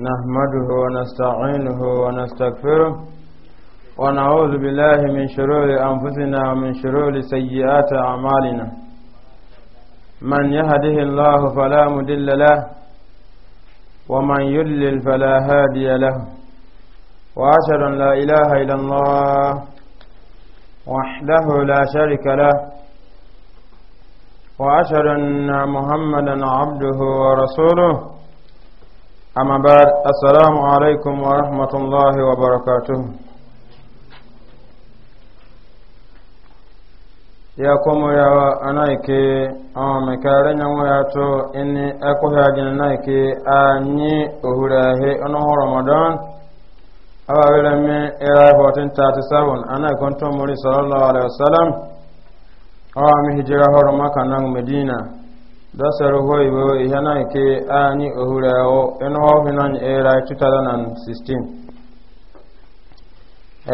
نحمده ونستعينه ونستغفره ونعوذ بالله من شرور أنفسنا ومن شرور سيئات أعمالنا من يهده الله فلا مدل له ومن يلل فلا هادي له وأشهد أن لا إله إلا الله وحده لا شرك له وأشهد أن محمدا عبده ورسوله أما بعد السلام عليكم ورحمة الله وبركاته ya komo yawa anaike ome kare nyanwo ya to ini eko ya gina naike anyi ohurahe onoho ramadan awa wele mi era 1437 anaike onto muri sallallahu alaihi wasallam awa mi hijira horo maka nan medina dasarogoibo ihana nke anyị ohurewo enohinan era 2016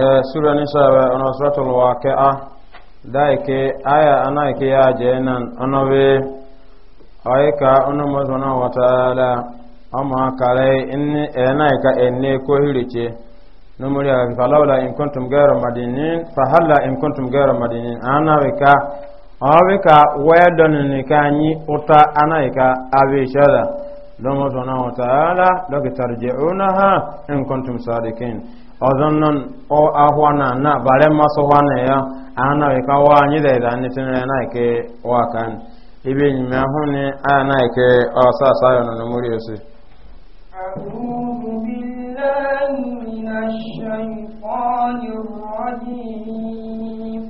ee sura nisabe ono suratul waqi'a daike aya anaike ya jenan onobe oika ono mozona wataala amma kare inni enaika enne ko hirice numuri falaula in kuntum ghayra madinin fahalla in kuntum ghayra madinin ana wika obi ka wee donini ka anyị ụta anaghị ka abishada domo zona wa ta'ala doki tarji'una ha in kuntum sadiqin ozonnon o ahwana na bare maso wana ya anaghị ka wa anyị da idan ni tinere na ke wa kan ibe ni ma hune ana ke o sa sa yo no muri osi a'udhu billahi minash shaitanir rajim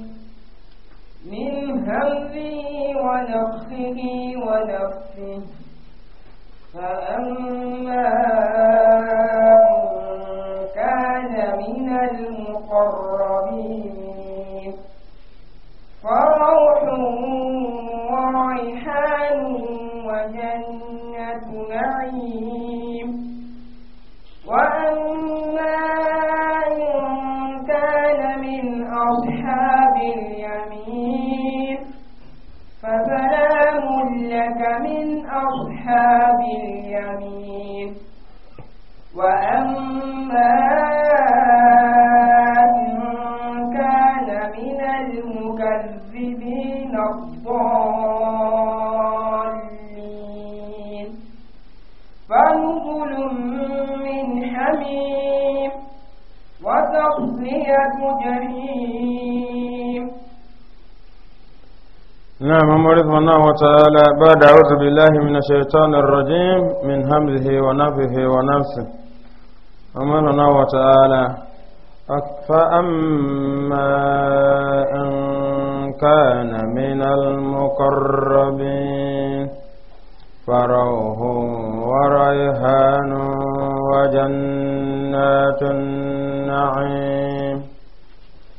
من همه ونفخه ونفسه فأما كان من المقربين فروح وريحان وجنة نعيم وأما إن كان من أصحاب أصحاب اليمين نعم أمر الله وتعالى بعد أعوذ بالله من الشيطان الرجيم من همزه ونفه ونفسه أمر سبحانه وتعالى فأما إن كان من المقربين فروح وريحان وجنات النعيم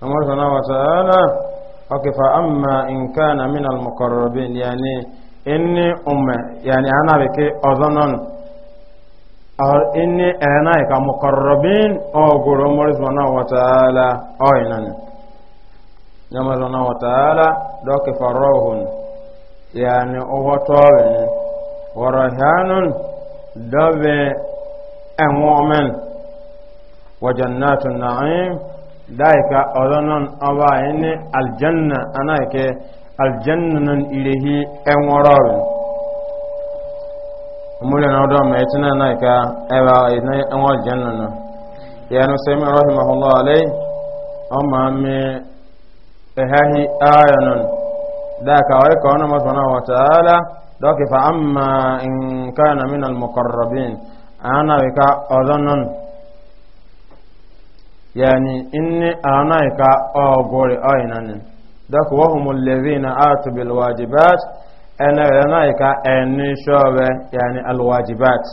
أمر سبحانه وتعالى okay fa amma in kana min al muqarrabin yani inni umma yani ana be ke ozonon or inni ana ka muqarrabin o goro mori subhanahu wa ta'ala o inan nyama subhanahu wa ta'ala do ke farahun yani o hotobe wa rahanun do be enwomen wa jannatun na'im daika ọdọnan ọba ẹni aljanna anaike aljanna nan irehi ẹnwọrọrin múlẹ̀ na ọdọ mai tuna anaika ẹba ẹna ẹnwọ aljanna na yanu sami rahimahullah alai ọma mi ẹhahi ayanan daika wa ika wani masana wa ta'ala dọkifa amma in kana min al-mukarrabin yani inni anaika ogori oinanin dako wahumul ladhina atu bil wajibat ana anaika enni shobe yani al wajibat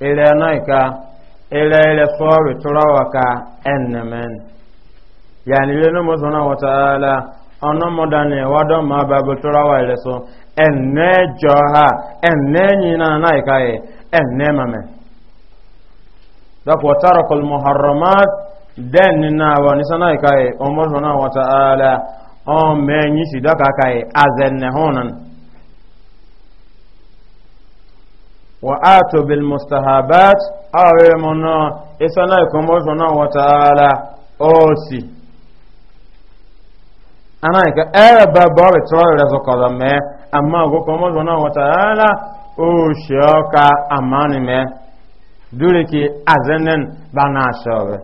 ile anaika ile ile sobe turawaka ennemen yani ile nomo zona wa taala ono modane wado ma babu turawa ile so enne joha enne nyina anaika e enne mamen dɔk wa taraka almuharramat den ni nawa ni sana ka ye wa ta'ala on me si dɔk ka ye azenne wa atu bil mustahabat awe mona isana ka umar subhanahu wa ta'ala osi ana ka e ba ba be tro re so ko me amma go ko umar wa ta'ala o shoka amani me dure ki azenen bana aşağı.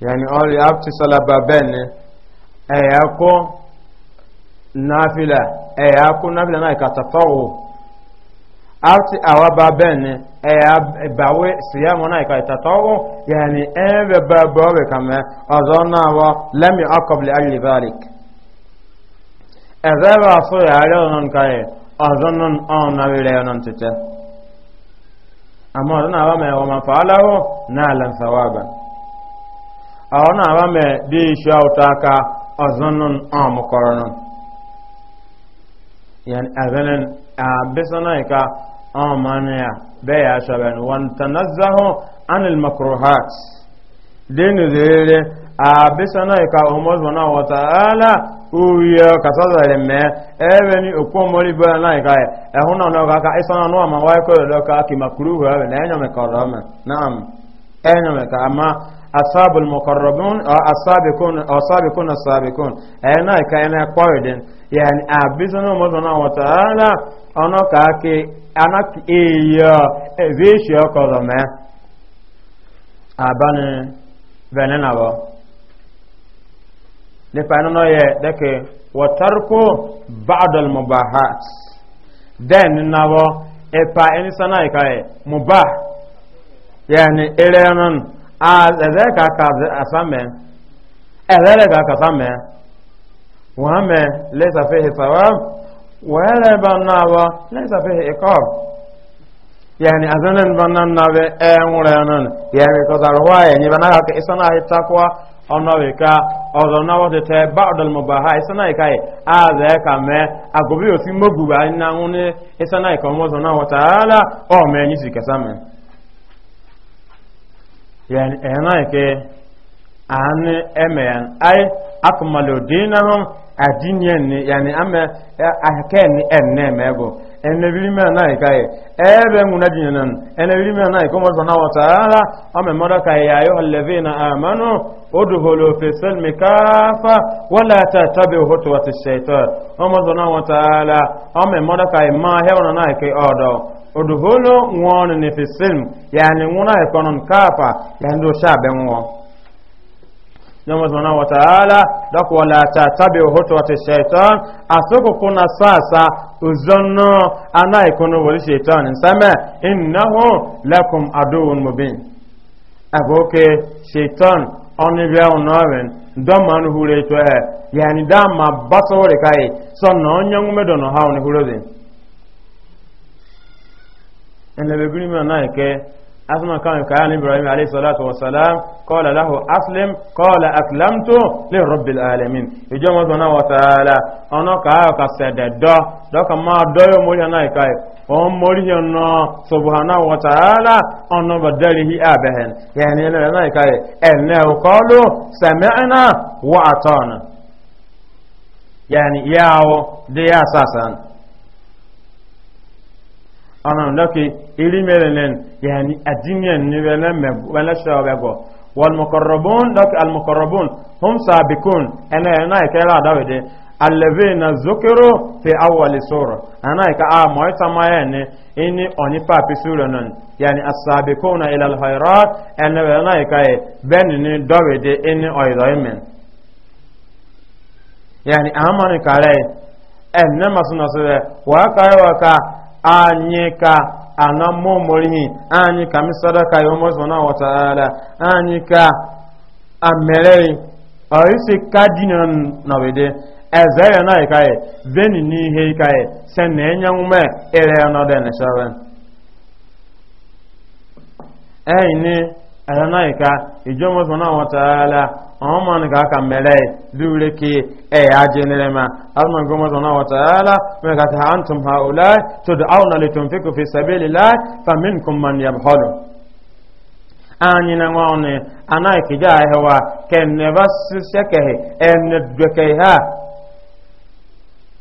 Yani all you have to salaba ben eğer ko nafile eğer ko nafile na ikatafawu afti awa ba ben eğer bawe siyamu na ikatafawu yani eve ba bawe kame azona wa lem yakab li ajli zalik ezeva so yare onon kaye azonon on navile onon tete amma ọdún àwọn mẹ ọmọ fàálàwọ náà lansawaba àwọn àwọn mẹ bí iṣẹ́ ọ̀taka ọ̀zọ́nùn ọmọkọrọ̀nù yẹn ẹ̀bẹ̀nẹ̀ àbẹ́sọ́nà ìka ọmọ nìyà bẹ́ẹ̀ yà ṣọ́bẹ̀ ni wọ́n tanazahu anil makruhat dínú zèrè àbẹ́sọ́nà ìka ọmọ zọ́nà wọ́ta'ala uyo kasazare mee ebe ni okwomori bụla na ka ehụ na ọnụ ka ịsa na ọnụ ama waye kọrọ ka aki makuru uwe ebe na enyo mekọrọ ome na am enyo meka ama asabul mukarrabun o asabikun o sabikun asabikun e na ka ene kwaridin yani abizana mo na wa taala ono ka ke anak eyo e ve shi okoro me abane venena bo nipaanono yɛ dɛke wɔtarko baadal mubahat den nabɔ epa enisana yi ka yɛ mubah yɛni erɛnon a ɛzɛ ka ka asamɛ ɛzɛ de ka kasamɛ wɔhamɛ lɛsa fihi sawab wɔyɛlɛ ba nabɔ lɛsa fihi ikɔb yɛni azanen ba nan nabɛ ɛɛ ŋurɛnon yɛni kɔsarɔ hɔ yɛ nyibana ka isana yi takwa ọ̀nà ìka ọ̀rọ̀ náà wọ́n ti tẹ báọ̀dọ̀ ha ìsáná ìka yìí ààrẹ ẹ̀ka mẹ́ mee. òfin mọ́gùbà iná ń ní ìsáná ìka ọmọọ̀sọ̀ náà wọ́n tààrà ọ̀mọ ẹ̀yìn sì kẹsà mẹ́. na-eme ya ìke àánú ẹ̀mẹ̀ yẹn ayé akọ̀mọ̀lẹ̀ òdì náà ni ene birime na ikaye ebe nguna ene birime na iko mo na wata ala ame mara ka ya ayu allazina amanu udhulu fi salmi kafa wala tatabi'u hutuwati shaytan mo na wata ala ame mara ka ma hewa na ike odo udhulu ni fi yani kafa yani do wa ta'ala kuna sasa ozanna ana ikono wali shaitan sama innahu lakum aduwwun mubin aboke shaitan oni bia onawen dama nu hure to e yani dama batore kai sonna onyangu medono ha oni hurozin ene begirimi ana ike أثم كان كان إبراهيم عليه الصلاة والسلام قال له أسلم قال أسلمت للرب العالمين يجوم ربنا وتعالى أنا كأيك سيد دا دا كما دايو مولينا إكاي أم مولينا سبحانه وتعالى أنا بدله أبهن يعني لنا إكاي إنه قالوا سمعنا وأطعنا يعني ياو دي أساساً يعني anan lake iri melenen yani adinyen ni wala me wala shawa go wal muqarrabun lak al muqarrabun hum sabiqun ana ana kala dawede allazina zukiru fi awwal sura ana ka a moy samaye ne ini oni papi sura non yani as-sabiquna ila al khairat ana ana e ka ben ni dawede ini oydoymen yani amani kare en na wa ka wa ka anyị ka ana mmụmụrihi anyị ka misadaka ya umu subhanahu wa anyị ka amere ọrịsị kadinan nọbide eze yẹn na ìka yẹ veni ní ihe ìka na-enye ẹnyẹ nwúmẹ ẹrẹ ẹnọdẹ nìṣẹrẹ ẹyìn ni. ẹ̀rọ̀náìka ìjọmọ̀sán náà wọ́n tààlà àwọn ọmọ nìkan kan mẹ́rẹ̀ lúure kí ẹ̀yà jẹ́nìrẹ̀ ma alùmọ̀ ìgbọmọ̀sán náà wọ́n tààlà mẹ́ka tàà ń tún ha ọ̀lá tó dùn áwọn alẹ́ tó ń fíkò fi sẹ́bẹ̀lì láì fàmín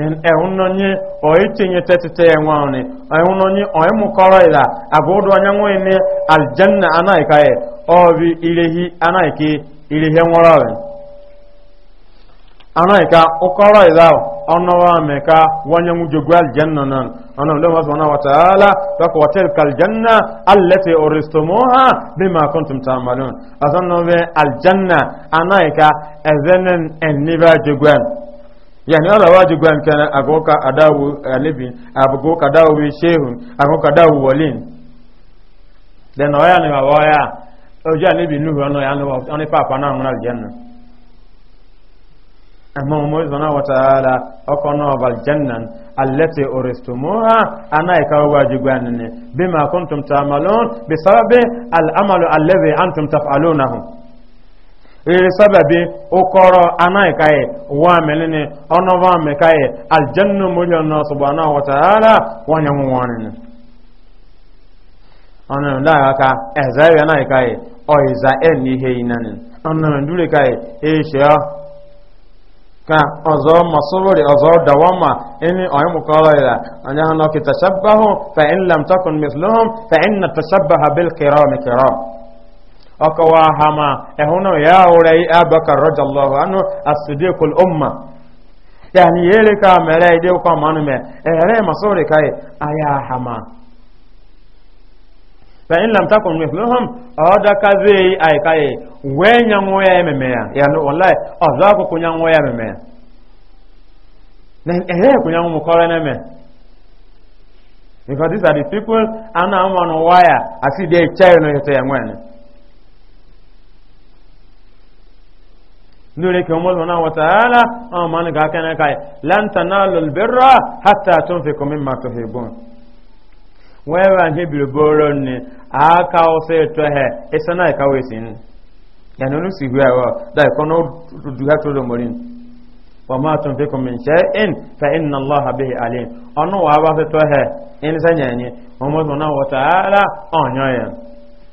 ehunonye oitinye oh, tetete enwaone ehunonye oh, oimukoro oh, ila abudu anyanwene aljanna anaikaye obi ilehi anaiki ilehi enworowe anaika ukoro ila onowa meka wanyanwu jogu aljanna nan ana ndo masu wana wataala tako aljanna yani ala waju gwan kana agoka adawu alibin eh, agoka dawu we shehun agoka dawu walin den oya ni baba ya oja ni bi nuhu ono ya no oni papa na ngna aljanna amma mo zona wa taala akono bal jannan allati uristumuha ana ka waju gwan ne bima kuntum ta'malun bi sababi al amalu allazi antum taf'alunahu rere sababi ukoro anai kai wa melini ono wa me kai aljannu mulyo no subhanahu wa ta'ala wa nyamu wani aka ezawe anai kai o iza eni he inani ono ka ọzọ o ọzọ dawama ini ọyị ya anya ha nọ kitashabbahu fa in lam takun fa ọkọwa hama ehunu ya wúrẹ̀ abakar rọ́jọ́lọ́wọ́ anú asìdíkul umma yàní yẹ́rẹ́ ká mẹ́rẹ́ ìdí ọkọ̀ mọ́nú mẹ́ ẹ̀rẹ́ masọ́rẹ̀ káyẹ ayá hama fẹ̀yìn lamtakùn mẹ́fìlúhùn ọ̀ọ́dọ́ká zé àìkáyẹ wẹ́nyànwọ́yà mẹ́mẹ́yà yàní wọláì ọ̀zọ́ akùkù nyànwọ́yà mẹ́mẹ́yà ẹ̀rẹ́ ìkùnyànwọ́ kọ́rẹ́ nẹ́mẹ́ because these are the people ana waya nure ke umar wana wa ta'ala an ma ga kana kai lan tanalu albirra hatta tunfiqu mimma tuhibbun wewa nje bi boro ni aka o se to he isana ka we sin ya no si hu awo da ko no du ha to do morin wa ma tunfiqu min shay'in fa inna allaha bihi alim ono wa ba se to he in sanya ni umar wa ta'ala onyo ya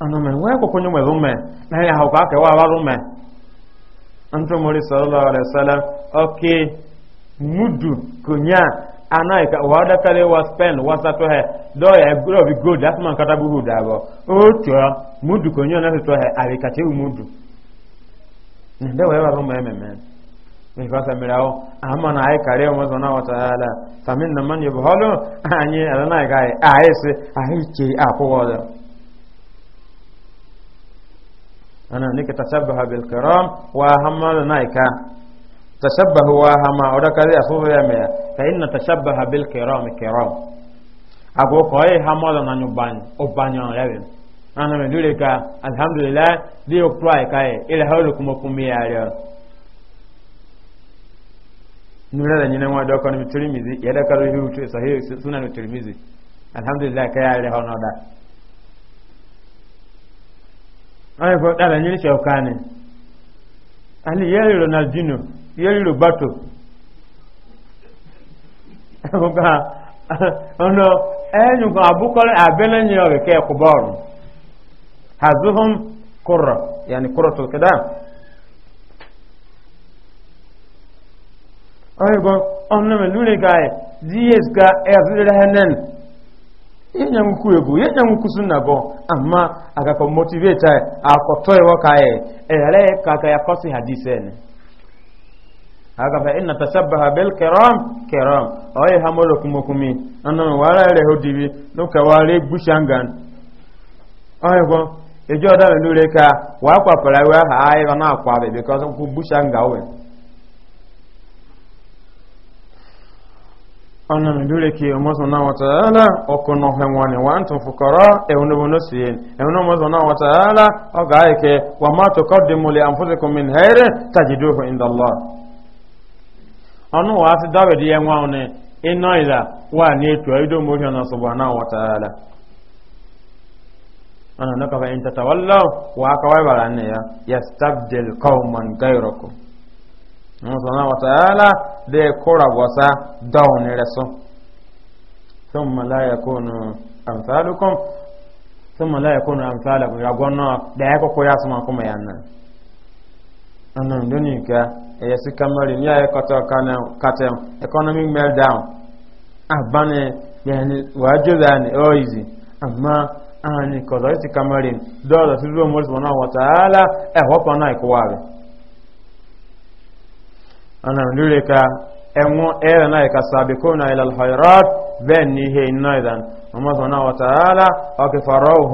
anome wee kwakwanye mwe zume na ya hauka aka wa abarume antu muri sallallahu alaihi wasallam okay mudu kunya ana ka wa da kale wa spend wa sa to he do ya bi gold that man kata da o mudu kunya na to he ari ka te mudu ne ama na wa anyi ka ana nika tashabbaha bil kiram wa hamma naika tashabbahu wa hamma oda kale asobe ya me fa inna tashabbaha bil kiram kiram ago ko e hamma na nyuban obanyo yawe ana me dule ka alhamdulillah di oktwai kai ile hawlo kuma kumia ya nura da nyina wada kan mitrimizi ya da karu hiru to sahihi sunan mitrimizi alhamdulillah kai ya ile hawna da anyị fọ nyiri sɛ ka ni ani yɛri ronaldino yɛri roberto ɛfɔ ka ɔnɔ ɛnyu kan abukɔrɔ abɛnɛ nyɛ ɔbɛ kɛ kubɔɔlu hazuhum kurɔ yanni kurɔ tó ka yɛ yenyanku ego yenyanku sunna go amma ama ko motivate akoto ewo kae ele kaka ya kosi hadisene aga fa inna tashabbaha bil kiram kiram oy hamolo kumokumi anno wala dibi hodibi no ka wale gbushangan oy go ejo da lure ka wa kwa pala aha ha ai na akwa be because bushanga we ana mi dole ke o mazo na wata ala o no he wani wa antum fuqara e wono wono sien e wono mazo na wata ala o ga ke wa ma tuqaddimu li anfusikum min hayr tajiduhu inda Allah anu wa ti dawe di enwa one ino ila wa ni eto ido mo na subhanahu wa ta'ala ana wa wa ya yastabdil qauman ghayrakum wa ta'ala de kora wasa down reso thumma la yakunu amsalukum thumma la yakunu amsalakum ya gonna da yako ko yasuma kuma yanna anan kamari ni economic meltdown abane yani wajo dani o amma a ko kamari do do si do mo subhanahu na ko أنا نريك أمو إيرنا كسابقون إلى الخيرات بني هين أيضا وما ظن وتعالى أكفروه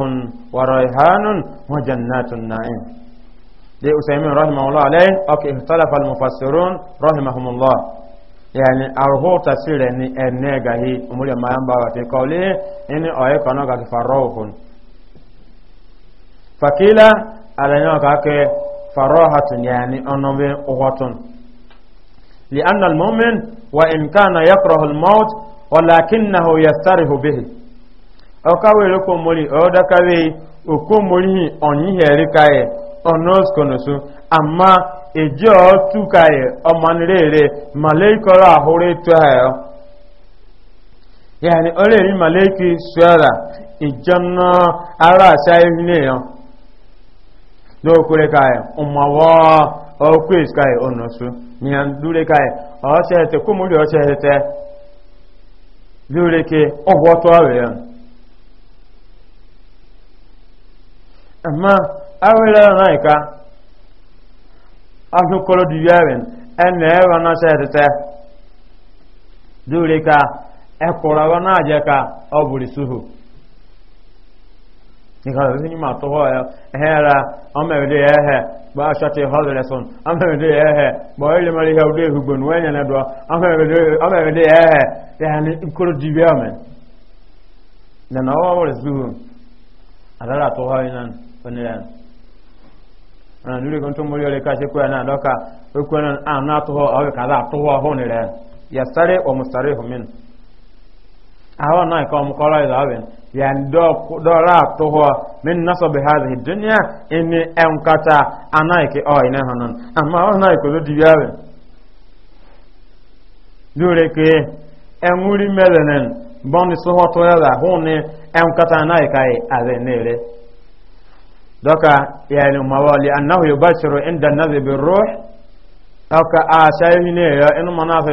وريحان وجنات النعيم دي أسامين رحمه الله عليه أك اختلف المفسرون رحمهم الله يعني أرهو تسير أني أنيغا هي أمور ما ينبغى في قوله إني أعيك أنك أكفروه فكيلا ألنك أك فراحة يعني أنه أغطن لأن المؤمن وإن كان يكره الموت ولكنه يسترح به أكوي لكم مولي أودكوي أكوم مولي أنيه ركاي أنوس كنسو أما إجو تكاي أمان ريري ملائكة راهوري تهيو يعني أولي ملائكة سيارة إجانا أرى سايفنيو دوكولي كاي أموا ọkwa iskai onosu mihan dure kai ọsẹẹtẹ kúmúlì ọsẹẹtẹ lórí ke ọgbọ́tọ́ rẹ̀ amma awẹ́rẹ́ náà ìka asukọlọ di yẹrin ẹnna ka ẹkọrọ ọrọ náà ka ọbùrì suhu ba shati hadreson amere de ehe bo ile mari ha ude hugbon wenya na do amere de ehe de han ikoro dibe na na wa wore zuhu adara to ha inan onira ana dure kon to mori ole ka se na do ka o na to ho ka da to ho ni re o mustare min awon na ko mo ko ida yani do ra toho min nasabi hadhihi dunya inni enkata anaike o ina hanan amma ona iko do diyawe lure ke enwuri melenen bonni soho to yala hunne enkata anaika e azenere doka yani mawali annahu yubashiru inda nadhibi ruh aka a shayhine ya inu manafi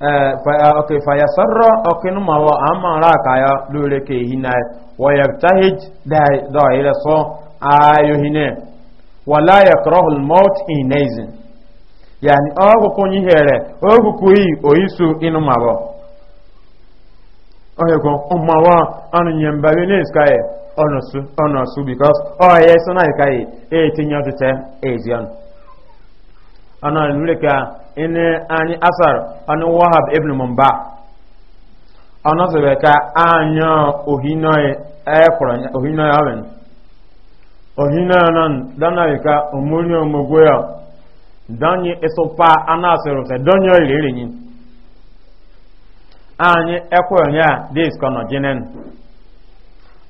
Eh, eh, okay fayasarra okinu mawo a ra kaya lure ke hina e. wa yabtahij da da so ayo hine wala yakrahu al-maut inaizin yani ogu kunyi here ogu kuyi oyisu inu wa anu yemba ne skaye onosu onosu because na kai e in anyị asar ọnụ wahab ibn mumba ọnụ sịrị ka anya ohinoi ekwara ohinoi awen ohinoi nan dana ka omori omogwe ya donye isopa ana asịrị sị donye ilere nyi anyị ekwe ya dị iskọnọ jinen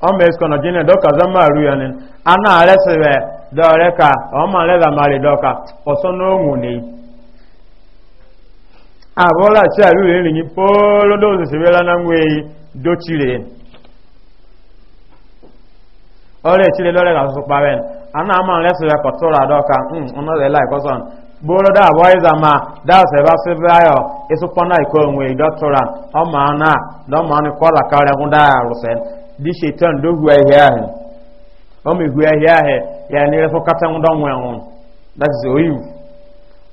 ọmọ iskọnọ jinen dọka zama aru ya ni ana arẹsịrị dọrẹ ka ọmọ alẹza mari dọka ọsọ n'onwu n'eyi abọ́lá sí àríwẹ̀ ìrìnyí pọ́lọ́dọ́ òsìsìwé lánàmú èyí dóchìrè ọ̀rẹ́ ìchìrè lọ́rẹ́ lásọsọ parẹ́ aná àmà rẹ́sìrẹ́ kọ̀tọ́rọ̀ àdọ́ka ọ̀nọ́rẹ́ láìkọ́sọ̀n bọ́lọ́dọ́ àbọ́ ìzàmà dáàsẹ̀ bá sí báyọ̀ ìsúpọ́nà ìkọ́ òun èyí dọ́tọ́ra ọmọ aná dọ́mọ ní kọ́là kárẹ́ ń dá àrùsẹ̀ dí ṣe tán dóhu ẹ̀hẹ́ ahẹ́ ọmọ ìhu ya ahẹ́ re ní rẹ́fọ́kátẹ́ ń dọ́wọ́ ẹ̀hún láti ṣe òyìnbó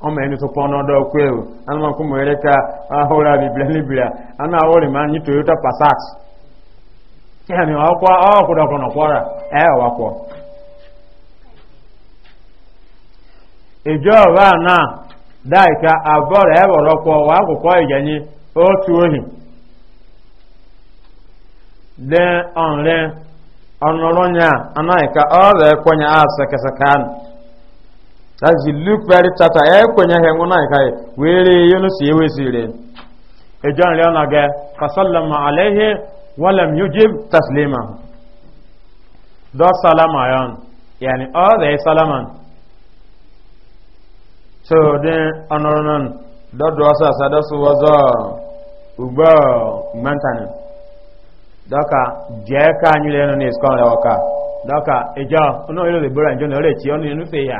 ọmọ ẹni tó pọn ọdọ ọkọ ẹwọ ka kó mọ ẹrẹ ká ahọrọ àbíbílẹ níbìlẹ aná àwọrì máa ní toyota passat yẹni ọkọ ọkọdọkọ nọkọra ẹ wà kọ. ìjọ ọba náà ẹ kọ dẹ á as you look very tata ekwenyeghị nwụ na nka were yonu si ewezire ejon leona ga fasallama alaihi walam yujib taslima do salama yon yani all oh, the salaman so the honorable do do asasa do so wazo ugbo mantani doka je ka anyi lenu ni iskon lewoka doka ejo ono ilo le bora njo na ore ti onu enu fe ya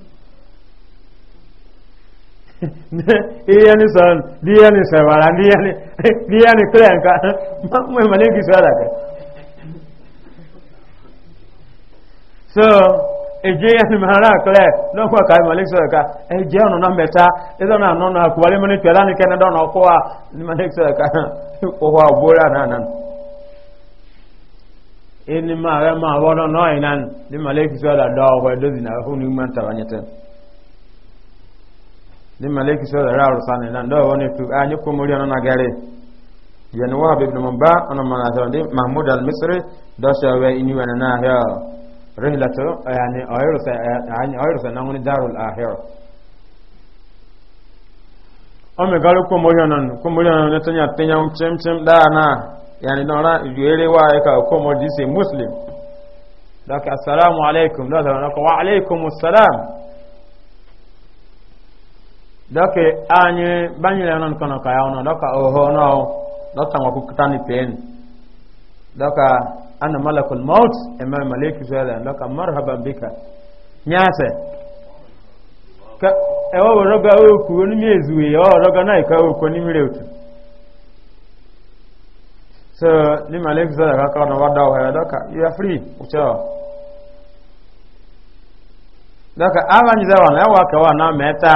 iya ni sɔn diya ni sɛbara diya ni diya ni kiliyan ka mɛ mali kisɛ la kɛ so ejeya ni mara kile no kwa kai malik so ka ejeya no na meta ezo na no na kwale mani twala ni kana dono kwa ni malik so ka o wa bora na nan eni ma re ma wono no inan ni malik so la do wa do dina hu ni man tabanyete ni maliki sɛ ɔdara arosane na ndɛ ɔwɔ tu a nye komori ɔno nagare yɛne wɔ bebere mu ba ɔno ma nasɛ mahmud al-misri ini na ahịa darul ahɛ ɔmɛ galo na yani nɔra yuere wa yɛ ka komori di se muslim dɔkɛ assalamu alaikum dɔsɛ wa salam dɔke anyi banyere non kono ka yawno dɔka oho no dɔka ngo kutani pen dɔka ana malakul maut ema maliki zala dɔka marhaban bika nyase ka ewo roga o ku ni mezu e o roga nai ka o ko ni mireutu so ni maliki zala ka ka no wada o ya dɔka you are free ucho dɔka avanyi zawa na wa ka wa na meta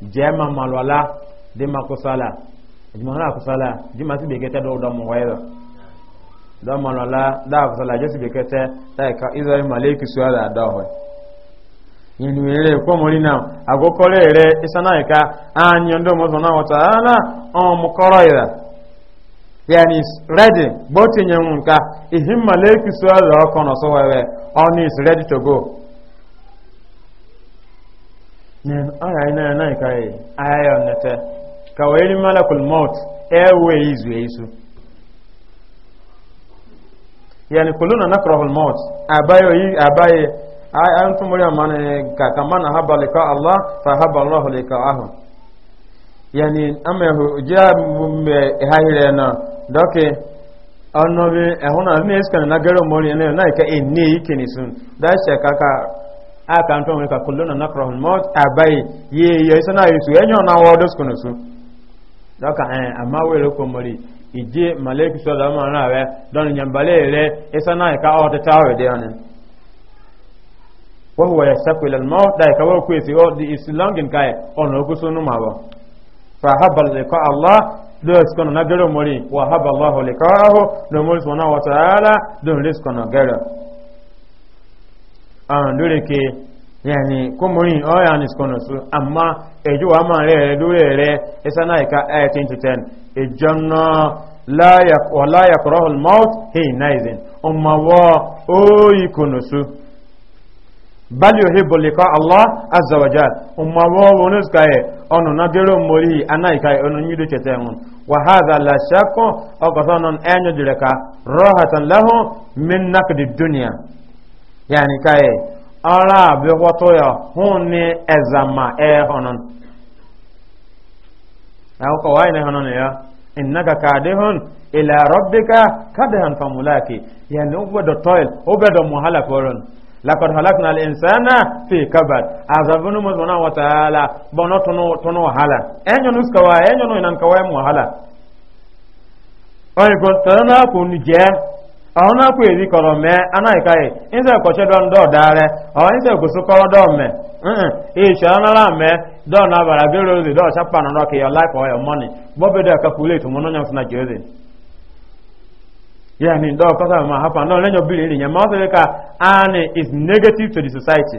jema malwala de makusala jumana kusala juma si be kete do do mo waya da malwala da kusala je si be kete ta ka izai maleki suara da ho inu ere ko mori na agokore ere isana ka anyo ndo mo zona wata ala on mo koroira yani is ready botinye nka ihimmaleki suara ko no so wewe on is ready to go aya ina na ka yi aya yau na ta ka wani malakul maut ewe izu ya e isu yani kuluna na kurahul maut abayo yi abaye ayan tumuri amana ka kama na haba lika allah fa haba allah lika ahu yani amahu ja mbe hahire na doke ọnọbi ẹhụna na-esikana na gẹrẹ mọrin na ka enye ikenisun da shekaka aka ntọ nwere ka kulona nakrah mot abai ye ye sana yesu enyo na wo dos kono su doka eh ama were ko mori ije malek so da ma na we don nyambale ile esana ka o ta we de anen wa huwa yasaku ila al-maut da ka wo ku esi o di islangin kai ono ku sunu ma ba fa habal liqa allah dos kono na gero mori wa habal allah liqahu no mori sona wa taala don lis kono gero àwọn ah, lórí ke yẹni kọmọrin ọ̀yà oh, ní ṣkọ̀nà su amma ẹjọ́ wa máa rẹ̀ lórí rẹ̀ ẹsánà ìka 18-10 ìjọ náà láyàkọ̀rọ̀ mouth hey nizin ọmọ wọ́ oyi kọ̀nà bali ohe bolika allah azawajal ọmọ wọ́ wọn ṣka ẹ̀ ọ̀nà na gẹ́rọ mori anáìka ọ̀nà yani kaye ara bi wato ya hun ni ezama e honon na ko wai ne honon ya innaka kadihun ila rabbika kadhan famulaki yani ubo do toil ubo do muhala koron lakad halakna al insana fi kabat azabunu muzmana wa ta'ala bono tono tono hala enyo nuska wa enyo no inan kawai muhala oy ko tana ko ọ̀hún náà kò èdè kọ̀rọ̀ mẹ́ anáìka yìí kọ̀ṣẹ́ dọ́n dọ́ dáárẹ́ ọ̀hún ńsẹ̀ gòsù kọ́rọ́ dọ́ mẹ́ ìṣẹ́ ọ̀nàlá mẹ́ dọ́n náà bàrà bí rosy dọ́ọ̀ sápà nínú ọkẹ́ your life or your money bọ́bí dọ́ calculate mọ́ náà ni is negative to society.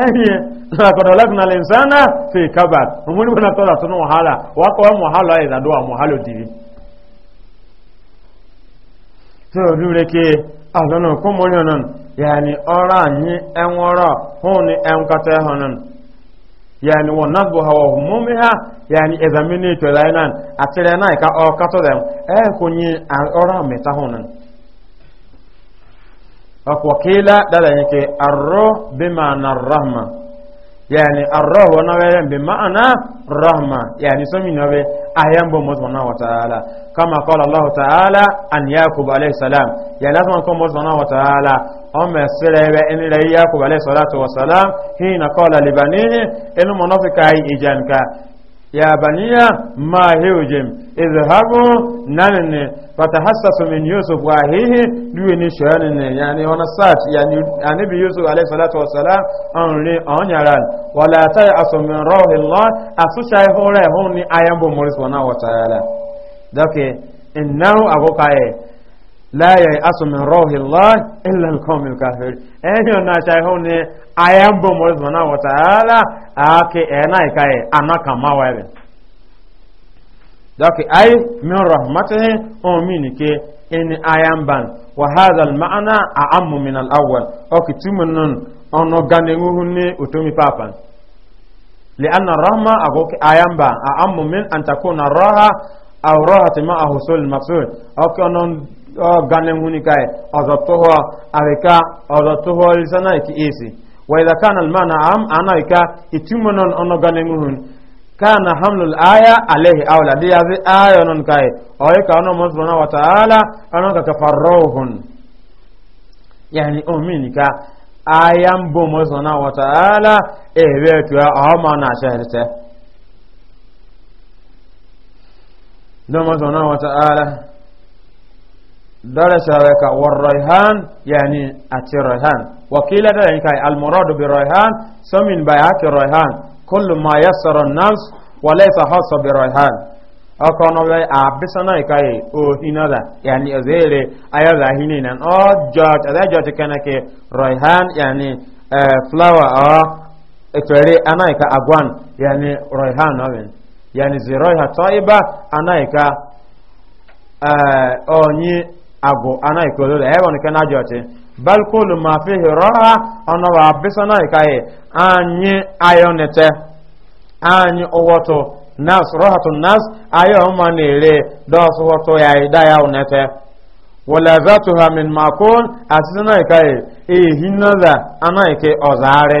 ẹ̀yìn ọ̀kọ̀dọ̀lẹ́kùn alẹ́ ìsáná fi kábà òmúrìbọ̀nà tọ́lá tó ní wàhálà wákọ̀ọ́ mọ̀hálà ìdàdọ́wà mọ̀hálò dìrí tí ó rí rékè àlọ́nà kó mọ́rí ọ̀nà yàní ọ̀rọ̀ àyí ní ẹ̀ǹkátà ẹ̀họ̀nà yàní wọn náà ha wakila dala yake arro bi ma'ana rahma yani arro wana wele bi ma'ana rahma yani somi nawe ayan bo mo subhanahu wa ta'ala kama qala allah ta'ala an yaqub alayhi salam ya lazima kwa mo subhanahu wa ta'ala o me sirebe en re alayhi salatu wa salam hina qala libanihi in munafiqai ijanka ya baniya ma heujim izhabu nanne fatahassasu min yusuf wa hihi duwe ni shoyanne yani wana sat yani anabi yusuf alayhi salatu wassalam onri onyaran wala ta'asu min ruhi allah asusha hore honi ayambo moris wana wa ta'ala dake innahu agokaye láyé asùnmí rọ́ọ̀hì lọ́n ilẹ̀ nǹkan mi káfíìrì ẹ̀yìn ọ̀nà àṣàyẹ̀hó ni ayẹ́bọ̀ mọ̀lẹ́sùn náà wọ̀ta ààlà àáké ẹ̀ẹ́nà ìka ẹ̀ anákàmáwá rẹ̀ dọ́kì ayé mi rahmatihi omi nìke ẹni ayẹ́mbàn wàhálà ma'ana àámùmínà awwal ọkì túmọ̀ nù ọ̀nà ganehuhu ní òtómi pàápàá لأن الرحمة أقول أيامبا أعم من أن تكون الراحة أو راحة مع حصول المقصود أو ganin huni kai azatuwa e, arika azatuwa risana ki esi wa idha kana almana mana am anaika itumanon ono ganin hun kana hamlul aya alayhi awla di yazi aya non kai oy ka ono mo subhanahu wa ta'ala ono ka kafarruhun yani umini ka ayan bo mo subhanahu wa ta'ala ewe tu a ma na shahirte don mo subhanahu wa ta'ala درس هيك والريحان يعني أتي الريحان وكيل ذلك المراد بالريحان سمن بيعات الريحان كل ما يسر الناس وليس خاص بالريحان أكون أبسنا كاي أو هنا ذا يعني أزيل أيا ذا هنا أو جات أذا جات كأنك ريحان يعني فلاور أو إكلي أنا كا أقوان يعني ريحان أبين يعني زراعة طيبة أنا كا أه أو agụ anaghị kolo da ebe nke na jọchị balkolu ma fi hiro ha ọnọwa abisa na ikaghị anyị ayonete anyị ụwọtụ nas rohatu nas ayọ ma na-ere dọs ụwọtụ ya ida ya ụnete unete wọlazatuha min makon asịsị na ikaghị ehi nnaza anaghị ọzagharị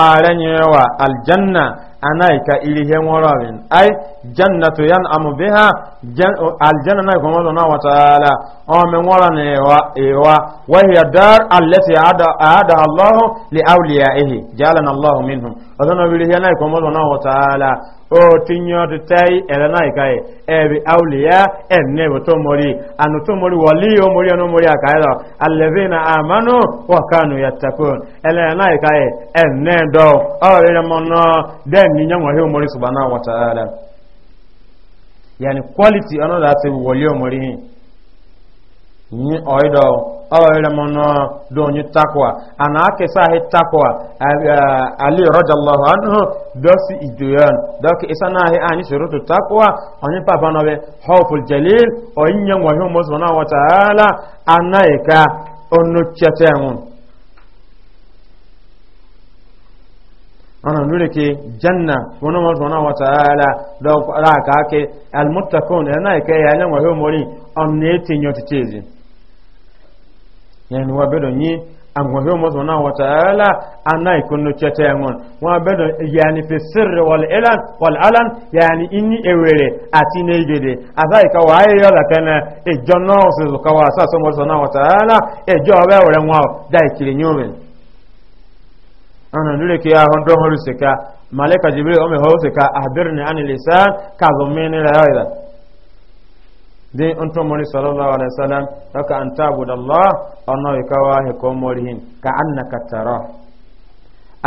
aranyewa aljanna anaika ilihe ngorobin ai jannatu yan amu biha aljanna na gomo na wa taala o me ngorane wa ewa wa hiya dar allati ada ada allah li awliyaihi jalana allah minhum adana bilihe na gomo na wa taala o tinyɔti tɛyi ɛlɛ n'a yi ka ye ɛbi awuliya ɛnɛ bi to mori ani to mori wali o mori ɛnu mori a ka ye lɔ alɛbi na amanu wa kanu ya tako ɛlɛ n'a yi ka ye ɛnɛ dɔw ɔwɔ yɛrɛ mɔnɔ dɛ ni nyɛnwa yi o mori subana wa taa la yanni kwaliti ɔno da ti wali o mori yi ɔyi dɔw awere mono donyi takwa ana ake sahi takwa ali radallahu anhu dosi idoyan doki isana hi ani shurutu takwa onyi papa no be hawful jalil o yin wa hu muzuna wa taala anaika onu chetenun ana nure ke janna wani mazuna wa ta'ala da raka ake almuttaqun yana ke yalan wa hu mori ne tinyo titezi yani wa bedo nyi angwambe mo zona wa taala anai kunno chete ngon wa bedo yani fi sirri wal ilan wal alan yani inni ewere ati negede azai ka wa ayo la kana e jonno se zo ka wa sa so mo zona wa taala e jo be wore dai kiri nyomen ana nure ke ya hondo horu seka malaika jibril o me ho seka ahbirni anil lisan de onto moni sallallahu alaihi wasallam aka anta budallah ono ikawa he ko morihin ka annaka tara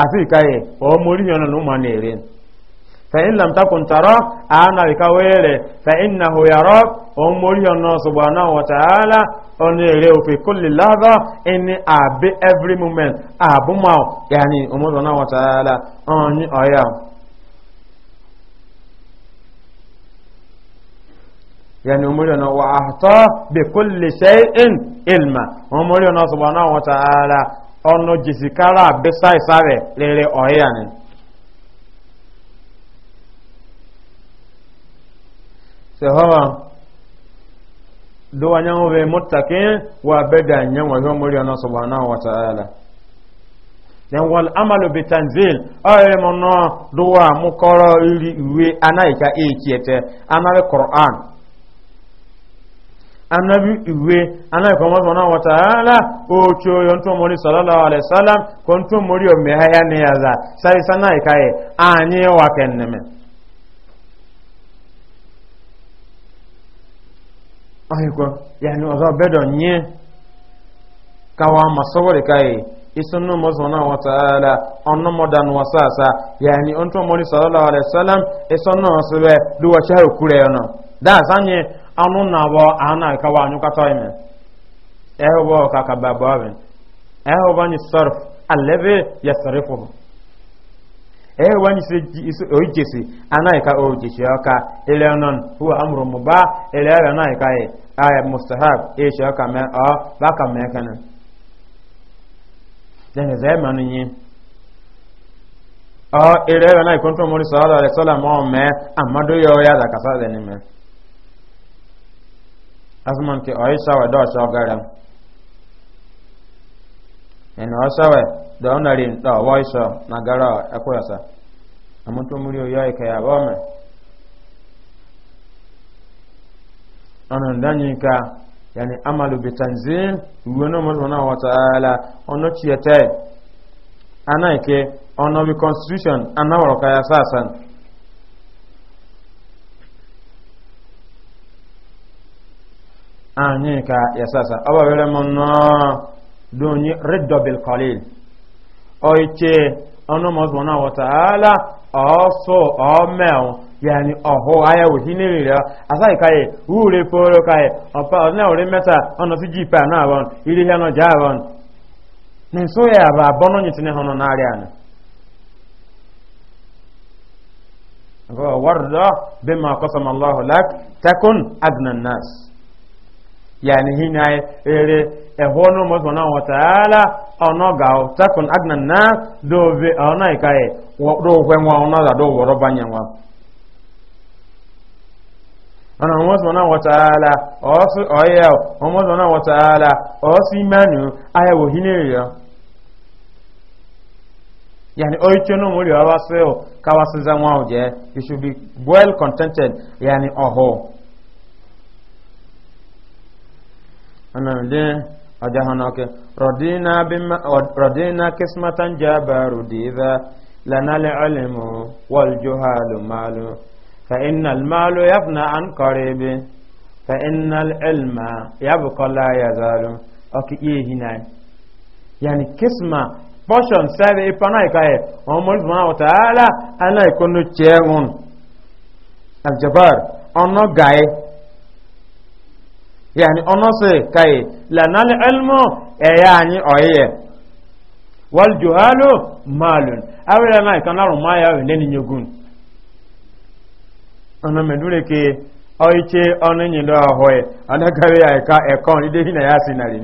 afi kai o morihin no ma nere fa in lam takun tara ana ikawere fa innahu yarak o morihin no subhanahu wa ta'ala on ere o fi kulli lahdha in abi every moment abuma yani o mo wa ta'ala on oya yani umuriona wa ahta bi kulli shay'in ilma umuriona subhanahu wa ta'ala ono jisikara besa isabe lele oyane se hawa do wanyango be muttaqin wa beda nyanwa umuriona subhanahu wa ta'ala then wal amalu bi tanzil ayre mono duwa mukoro iri iwe anaika ekiete anawe qur'an annabi iwe anabi kɔmɔ wani wata ala o tso yɔn tó mori sɔlɔlɔ alayi salam ko n tó mori o mɛ haya ne ya za sayi sanna yi ka ye an ye wa kɛ nɛmɛ. ayi ko yanni o sɔ bɛɛ nye ka wa ma sɔgɔ de ka ye isunu mɔsɔnna wata ala ɔnu mɔdani wasaasa yanni o tó mori sɔlɔlɔ alayi salam isunu sɛbɛ duwɔsɛ kurɛ yɔn na daa sanni. anụ na-abọ ana akawa anyụ kata ime ehụbọ ka ka babu abin ehụbọ anyị sarf alebe ya sarfu ehụbọ ni se ojesi ana ka ojesi aka ile non huwa amru muba ile ya na ka e aya mustahab e shi aka me o ba ka me kana dan zai manu yin o ile ya na ko to mo sallallahu alaihi wasallam o me amado yo ya da kasa da ni me asman ti oyi sawe do so garam en o sawe do narin do wo na gara akoyasa amuto muri o yai kaya ba me anan danyi ka yani amalu bi tanzil wono mo wona wa taala ono chiyete anaike ono bi constitution anawro kaya sasan anyị ka yasasa ọ bawere m donye redobil kolil oiche ọnụ mọzụ na wataala ọsọ ọmel yani ọhụ aya wò hinne rira asai kai wúre fóró kai ọpa ọdún ẹwùrẹ mẹta ọnà sí jípa náà nas. yani hinyai ere ehono mosona wa taala ono gao takun agna na dove ona ikaye do kwenwa ona da do woro banyanwa ana mosona wa taala osu oye mosona wa taala osi manu aye wo hineyo yani oicho no muri awaseo kawasiza nwa je you should be well contented yani oho أنا أجهناك ردينا بما ردينا كسمة جابر ديذا لنا العلم والجهال مال فإن المال يفنى عن قريب فإن العلم يبقى لا يزال أوكي إيه هنا يعني كسمة بشر سيد إبناي كاي أمور سبحانه وتعالى أنا يكون تشيعون الجبار أنا جاي yani ono se kai lanal ilmu e yani oye wal juhalu malun awela na kana ma ya ne ni nyogun ono medure ke oiche ono nyi do ahoye ana gawe ya ka e ide hina ya sinari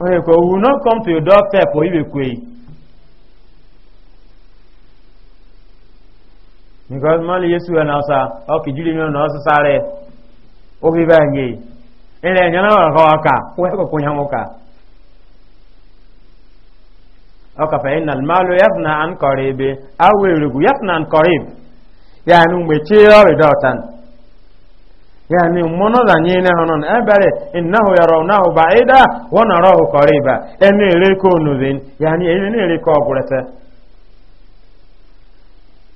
oye ko come to your because mali yesu ya nasa o nyo na osare o bi bangi ile nyana wa ko aka ko ko kunya muka o ka fa inal malu yafna an qarib aw yurugu yafna an qarib yani umeche o dotan yani mono da nyine honon ebere innahu yarawnahu ba'ida wa narahu qariba ene ko nuzin ko gurete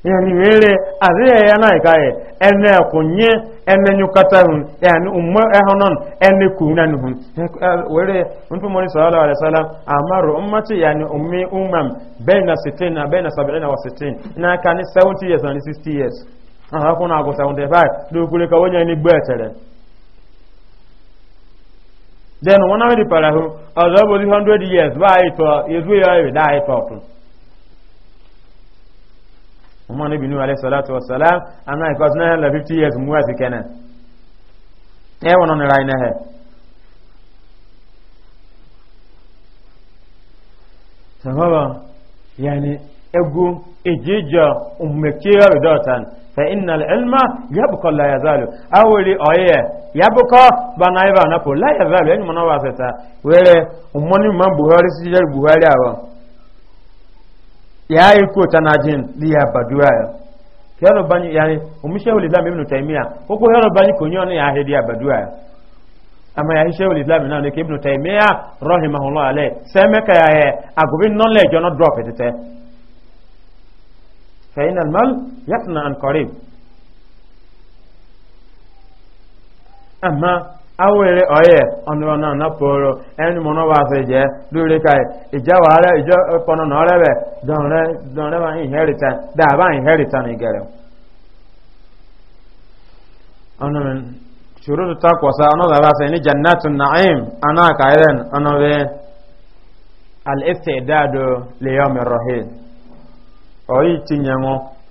yani wele azia ya na ikaye ene ene nyukata hun yani umma ehonon ene kuna nuhun wele mtu mwani sallallahu amaru ummati yani ummi umam baina na baina 70 na kani 70 years 60 years aha kuna umar ibn alayhi salatu wa salam ana ikos na la 50 years mu asi kana e wono ne rai na he sababa yani egu ejeja ummekiya bidotan fa innal ilma yabqa la yazalu awli oye yabqa banaiba na ko yazalu yani mana wasata were umoni man buhari sijar buhari awa ya yi ko tana jin liya baduwa ya yaro bani yani umu shehul islam ibn taymiya ko ko yaro bani yaa hedi ya hediya baduwa ya ama ya shehul islam naa ne seme ka ya he agubin non le jono drop it te fa inal mal yatna an awere oye ọnụrụ na na ẹni mọ̀nà wà fẹ́ ije lórí ka ìjọba rẹ ìjọ ọpọnà náà rẹ bẹ dọ̀rẹ́ dọ̀rẹ́ bá inherita dàbá inherita ní gẹ̀rẹ̀ ọ̀nà mi jannatu na'im al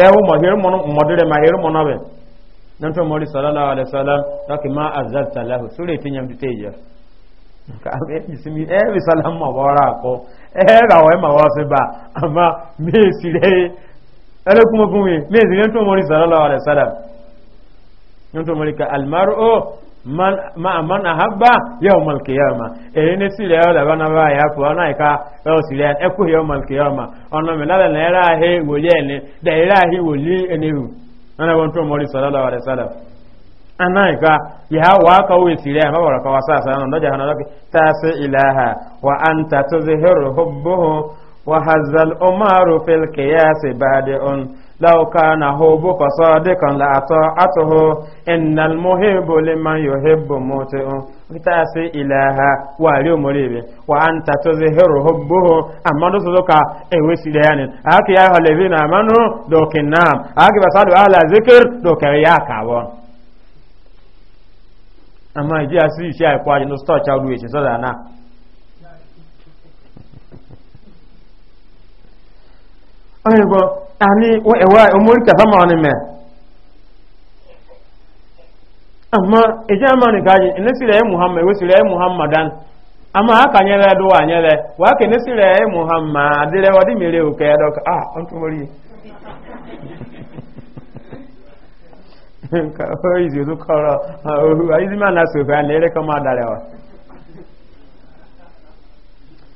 sẹ́wọ́n mọ̀hírùmọ́nà mọ̀dúrẹ̀ mọ̀hírùmọ́nà bẹ̀ nan tó mọ̀rí sọ́lọ́lá alẹ́sọ́lá lọ́kì máa azaltalahu sórí ètí yẹn tẹ́ yẹ ẹ̀rì sọ́lá mọ̀ wọ́ra àkọ́ ẹ̀rà wọ́n mọ̀ wọ́n sí bá àmà mẹ́sì rẹ̀ ẹlẹ́kùnmọ́kùnrin mẹ́sì rẹ̀ tó mọ̀rí sọ́lọ́lá alẹ́sọ́lá man ma man ahabba yawmal qiyama ene sile ola bana ba ya po na ka o sile e na era he goje ni da era hi woli enewu ana sallallahu alaihi wasallam ana ya wa ka we sile ma wala ka wasasa no daja hana laki tasi ilaha wa anta tuzhiru hubbuhu wa hazal umaru fil qiyas لو كان حبك صادقا لأطاعته إن المحب لمن يحب موتئ وتاسي إلها واليو مريب وأنت تظهر حبه أما نصدك إيوسي ليان أكي أيها الذين آمنوا دوك النام أكي بسالوا أهل الذكر دوك رياك أما يجي أسي شيء يقواجي نستوى شاولوي شسودا نعم أيضا ani wa ewa omori ah, ka fama wani mɛ ma ni kaji ne sira ye muhammad sira do wa ne sira muhammad ka ah on ka o izi kɔrɔ ma na so ne yɛrɛ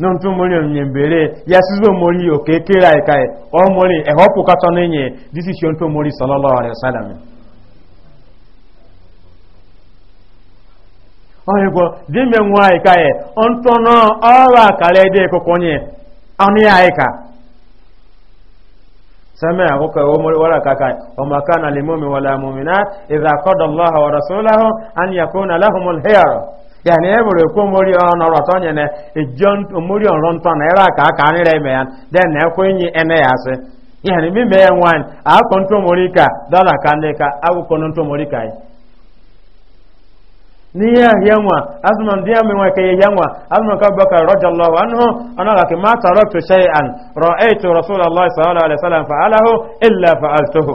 n'otu mmiri onyinye mbere ya sizi omori oke kere anyị ka ọmori ehọpụkọta n'enye disi shi otu omori sallallahu alaihi wasallam ọhịgwọ dime nwa anyị ka ya ọrụ akara ede ekoko onye ọnụ ya anyị ka سمع ولا كاكاي وما كان لمؤمن ولا yani e bụrụ ekwu omori ọnọrọta onye na ejijo omori ọrọ ntọ na ere aka aka anyị reme ya den na ekwe enyi ene ya asị yani mi mee nwanyị akọ ntomori ka dọla ka ndị ka awụkọ ntomori ka anyị n'ihe ahịa nwa azụma ndị amị nwa kenye ya nwa azụma ka bụka rọjallahu anhu ọnọga ka ma tarọktu shay'an ra'aytu rasulullahi sallallahu alaihi wasallam fa alahu illa fa'altuhu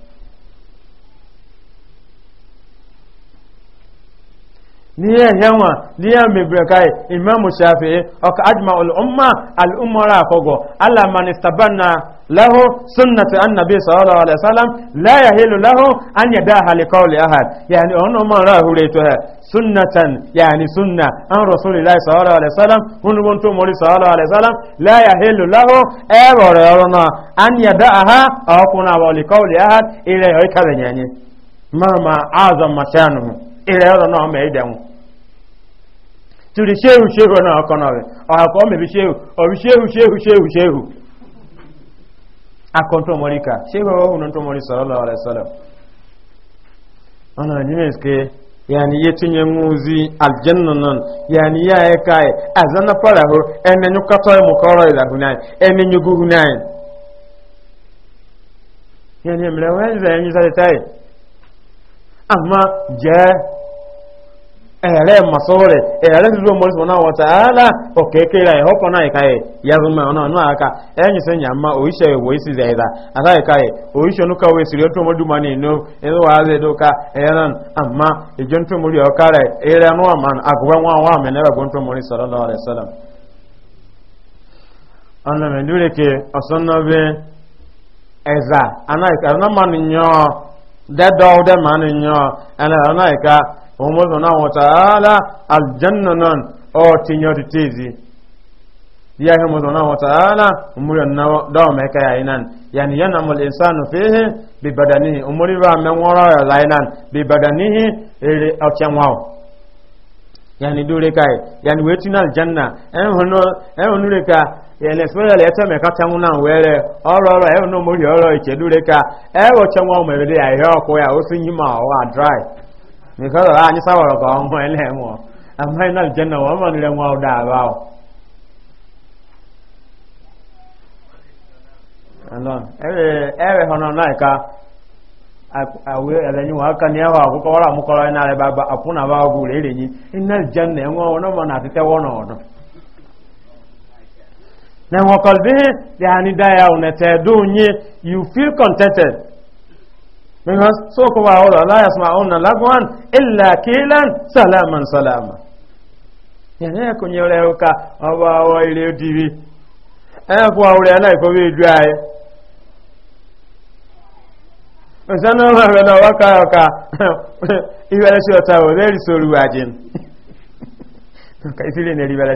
niye hewa niye mebrekai imamu shafi'i oka ajma ul umma al umara kogo alla man istabanna lahu sunnati annabi sallallahu alaihi wasallam la yahilu lahu an yadaha li qawli ahad yani ono mara hureto he sunnatan yani sunna an rasulillahi an yadaha ịrị ọrụ na ọma ịdenwu shehu shehu na ọkọ na ọrịa ọha ka ọ ebe shehu ọrị shehu shehu shehu shehu akọ ntọmọrị ka shehu ụlọ ọrịa ọ na e, ya amma jẹ́ ẹ̀rẹ́ masọ́rẹ̀ ẹ̀rẹ́ sísúrò mọ́rí sọ̀nà wọ́ta ààlà ọ̀kẹ́kẹ́rẹ́ ẹ̀họ́kọ́ náà ìkáyẹ̀ yàrùmọ̀ ọ̀nà ọ̀nà àkà ẹ̀yìn sẹ́yìn àmà oríṣẹ́ ìwò ìsì zẹ̀ẹ̀dà àtàìkáyẹ̀ oríṣẹ́ onúkọ̀wé sírí ọtún mọ́dún mọ́ ní ẹ̀rẹ́ da dawo da manin yawa ana ana ka umar zana wota ta'ala aljanna nan o tinyo ti tezi ya yi umar na wa ta'ala umar yana dawo mai kaya yi nan yani yana mul insanu fihi bi badanihi umar ba men wara ya lai bi badanihi ere ọkyan wawo yani dure kai yani wetin aljanna en hono en honure ka yẹn especially ẹtọ mẹka tẹmu náà wẹrẹ ọrọ ọrọ ẹwọn náà mo rí ọrọ ìkẹdúrẹ ká ẹwọ tẹ wọn ọmọ ìrẹlẹ àìhẹ ọkọ yà ó sì yín mà ọwọ àdúrà nìkan lọrọ anyi sáwọrọ kọ ọmọ ẹlẹ wọn àmọ iná jẹ náà wọn mọ nílẹ wọn ọdọ àbá o. ẹwẹ hàn náà ẹka awe ẹlẹni wọn aka ní ẹwà àkókò wọn àmúkọrọ ẹni àrẹ bàbá àpúnàbà ọgùn rẹ rẹ yín iná jẹ náà ẹwọn ọdọ mọ náà àtẹtẹwọ náà ọdún na wakalbihi yani daya unete dunye you feel contented because so ko wa ora la yasma'una lagwan illa kilan salaman salama yana ko nyore ka awa wa ile divi e na ko we ju aye osana wa we na waka waka iwele ne ribala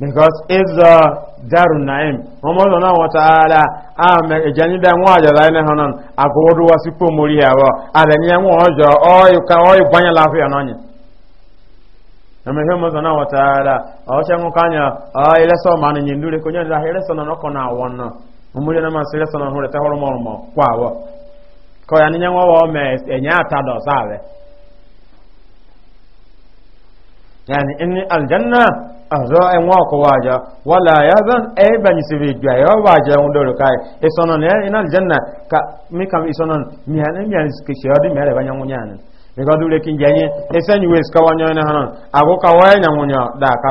because it's the darun naim ọmọdé náà a ta ara àmì ìjẹnidá wọn àjọ̀dá ẹni hàn náà àgọ́wọ́dọ́ wá sí pòmórí àwọ̀ àdẹ̀ni ẹ̀wọ̀n ọjọ́ ọ̀ọ́yùká ọ̀ọ́yùgbọ́nyẹ̀ láfíà náà yìí ẹ̀mẹ̀ hẹ́ ọmọdé náà yani in aljanna azo en wa ko waja wala yazan e ban sibi ga yo e waja un do kai e sono ne in aljanna ka mi kam i sono mi hanen mi hanen ke shodi mi hanen banyan munyan mi ga dule kin janye e sanyi wes ka wanyo na hanan ago ka waya nyamunya da ka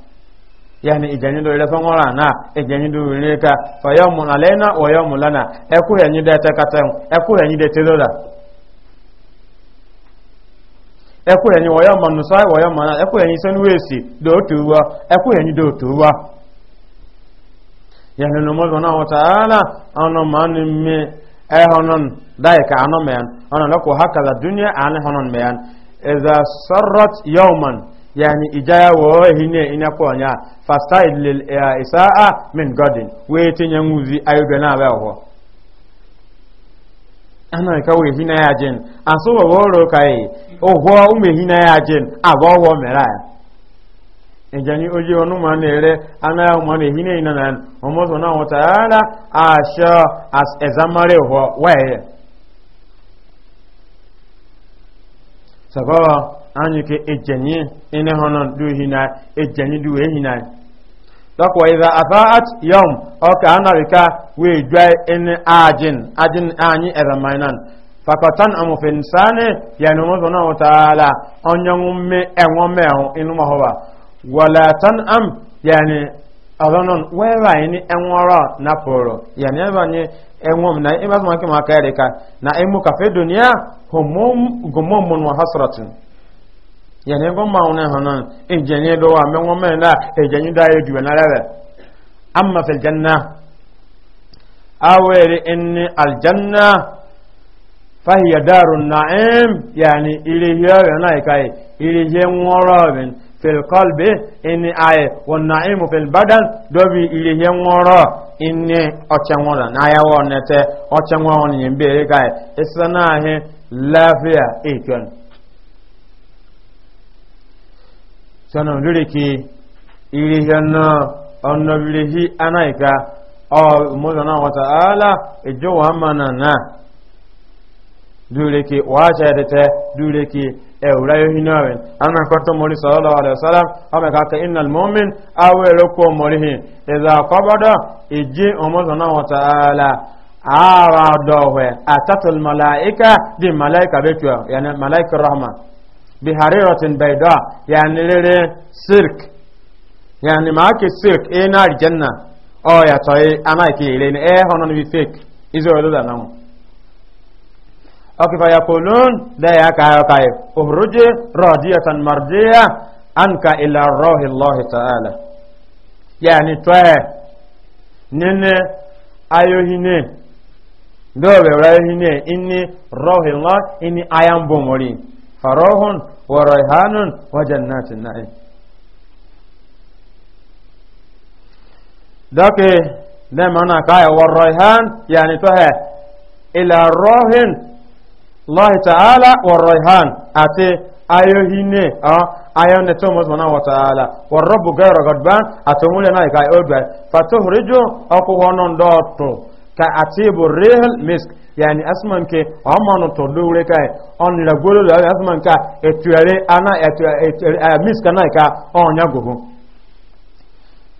yani ijanyido ile na ijanyido ile ka fa yawmun alaina wa yawmun lana eku yanyi eku te dola eku wa nusai wa eku wesi do tuwa eku tuwa yani na wa taala ono mani ndị e honon ndị ka ano men ono ko hakala dunya ane honon men yani ijaya wo hine ina ponya fastaid lil eh, isaa min godin we tinye nguzi ayugo na abịa ho ana ka we na ya jin aso wo ro kai ogwo ume hina ya jin abo na ere ana ya ma na hina ina na na as anyi ke ejenye ine honon du hina ejenye du we hina dok wa idha afaat yom o ka anabika we dwai in ajin ajin anyi ezamainan fakatan amu fi nsani yani mu zona wa taala onyangu me enwo me ho inu mahoba wala tan am yani azanon wewa ini enwora na poro yani ebanye enwom na ibas ma ke ma erika na emu kafe dunia homom gomom wa hasratin yẹn kọ́ máa wọn hàn náà ìjẹ̀yìn ẹ̀dọ́ wa mẹ́wọ́n mẹ́rin náà ìjẹ̀yìn dáa yóò jùlọ náà rẹ̀ amma fil awẹ́rẹ́ ẹni aljanna fahiya daaru na'im yaani ilehiyɛ rɛ náà yìí káyì ilehiyɛ ŋɔrɔ rɛ fil qalbi ɛni na'im fil badan dɔbi ilehiyɛ ŋɔrɔ ɛni ɔkyɛ ŋɔrɔ n'ayɛ wɔn nɛtɛ sọnà lórí kí ìrìhẹ́ náà ọ̀nà ìrìhí anáìka ọmọdé na wata ààlà ìjọ wà mọ́nà náà lórí kí wà ṣẹ́dẹ̀tẹ́ lórí kí ẹ̀wùrá yóò hinú àwẹ̀ anákọ́tọ́ mọ́rí sọ́lọ́lọ́ alẹ́sọ́lá ọmọkàkà inal mọ́mìn awẹ́ ẹ̀rọ́kọ́ mọ́ríhìn ìzà kọ́bọ́dọ̀ ìjí ọmọdé náà wata ààlà ààrà dọ̀wẹ̀ àtàtùl mọ̀láìkà di mọ̀láìkà bẹ́tùẹ̀ yẹn mọ̀láìkà rahman bihariratin bayda yani rere sirk yani ma ke sirk e na aljanna o ya to e ana ke ile ni e hono ni fake izo lo da nawo akifa yaqulun da ya ka ya kai uhruj radiyatan mardiya anka ila rohi allah ta'ala yani to e nene ayohine do be ayohine inni rohi allah inni ayam bomori farohun wa وجنات النعيم. jannatin na'im dake da mana kaya wa raihan yani to he ila rohin Allah ta'ala wa raihan ate ayohi ne a ayon ne tomo zmana wa ta'ala wa rabbu gairo gadban ate mule na ikai odwe fatuhriju ka atibu rihil misk yani asman ke amano to dure kai on la golo la asman ka etuare ana etuare eh, kana ka onya gogo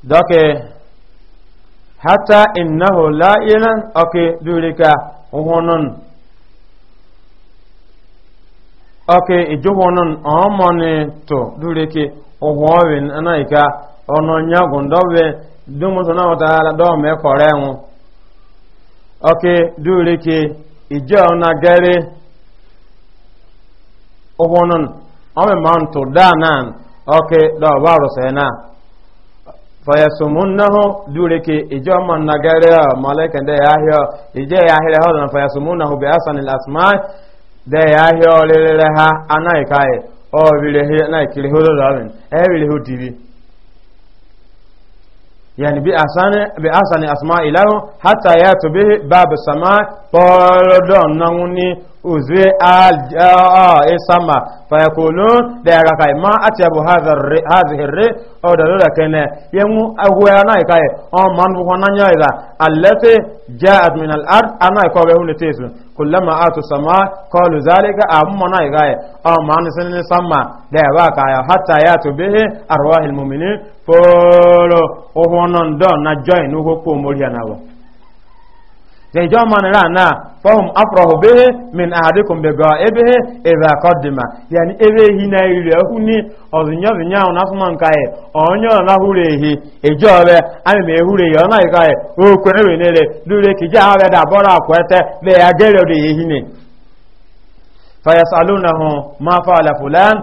doke hatta innahu la ilan oke dure ka ohonon oke ijohonon amane to dure ke ohowen ana ka ononya gondowe dumo sona wata ala do me oke dure ke ije ona gare ohonon ame manto danan oke da baro sena fayasumunnahu dure ke ije man nagare malaika da yahya ije yahya hodan fayasumunnahu bi asanil asma da yahya lele ha anai kai o bile he na kire hodo ramen e bile ho tibi yani bi asane bi asani asma ilahu hatta ya to bi babu sama pọlọdọ nanwuni uzi aljaa isama fayakulu da ya kai ma ati abu hadhihi re o da da kene yemu agwa na kai o man bu hona nya ida allati jaat min al ard ana ko be hunde tesu kullama atu sama qalu zalika amma na kai o man sin sama da ya ba kai hatta ya to arwahil mu'minin koro uhonon don na join uho ko moriya na wa zai jo man ra na fahum afrahu bihi min ahadikum bi ghaibihi idha qaddama yani ebe ehi na ire hu ni ozinya zinya na suma nkae onyo na hure hi ejo be ami me hure yo na ikae o kwere we nele dure ki ja be da bora akwete be ya gere de hi ni fayasalunahu ma fa'ala fulan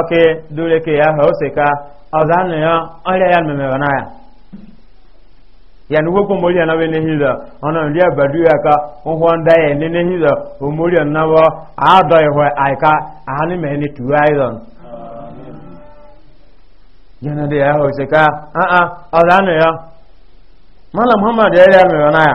okay dure ke ya hoseka ọzọ ya ọrịa ya mmemme na ya ya na ugwokwu mori anawe n'ehizọ ọ na nri abadu ya ka ụhụ nda ya ne n'ehizọ omori ọnabọ adọ ihwe aika ahani mee ni tuwa ịzọ na da ya hau ka a'a ọzọ ya mana muhammad ya mmemme na ya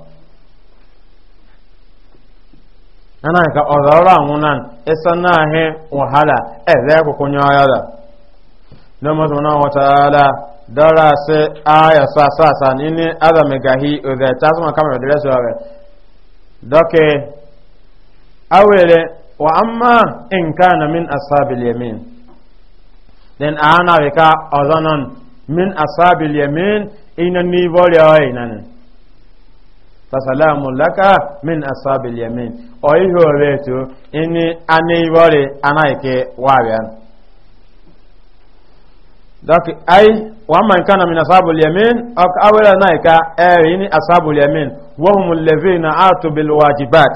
nana ka ọzọrọ anwụnan ịsa ahị wahala eze akwụkwọ nye ọya da lọmọdụ na wataala dọrọ a aya sa sa sa nini azamigahi oze tasuma kamar dere su ọrẹ dọke awere wa amma in na min asabil yamin den ana bika ozonon min asabil yamin ina ni bori ọya inanin fasalamu laka min asabil yamin o yi hore to ini ani wore anaike wabian donc ay waman kana min asabul yamin ak awala naika ay ini asabul yamin wa hum allazina atu bil wajibat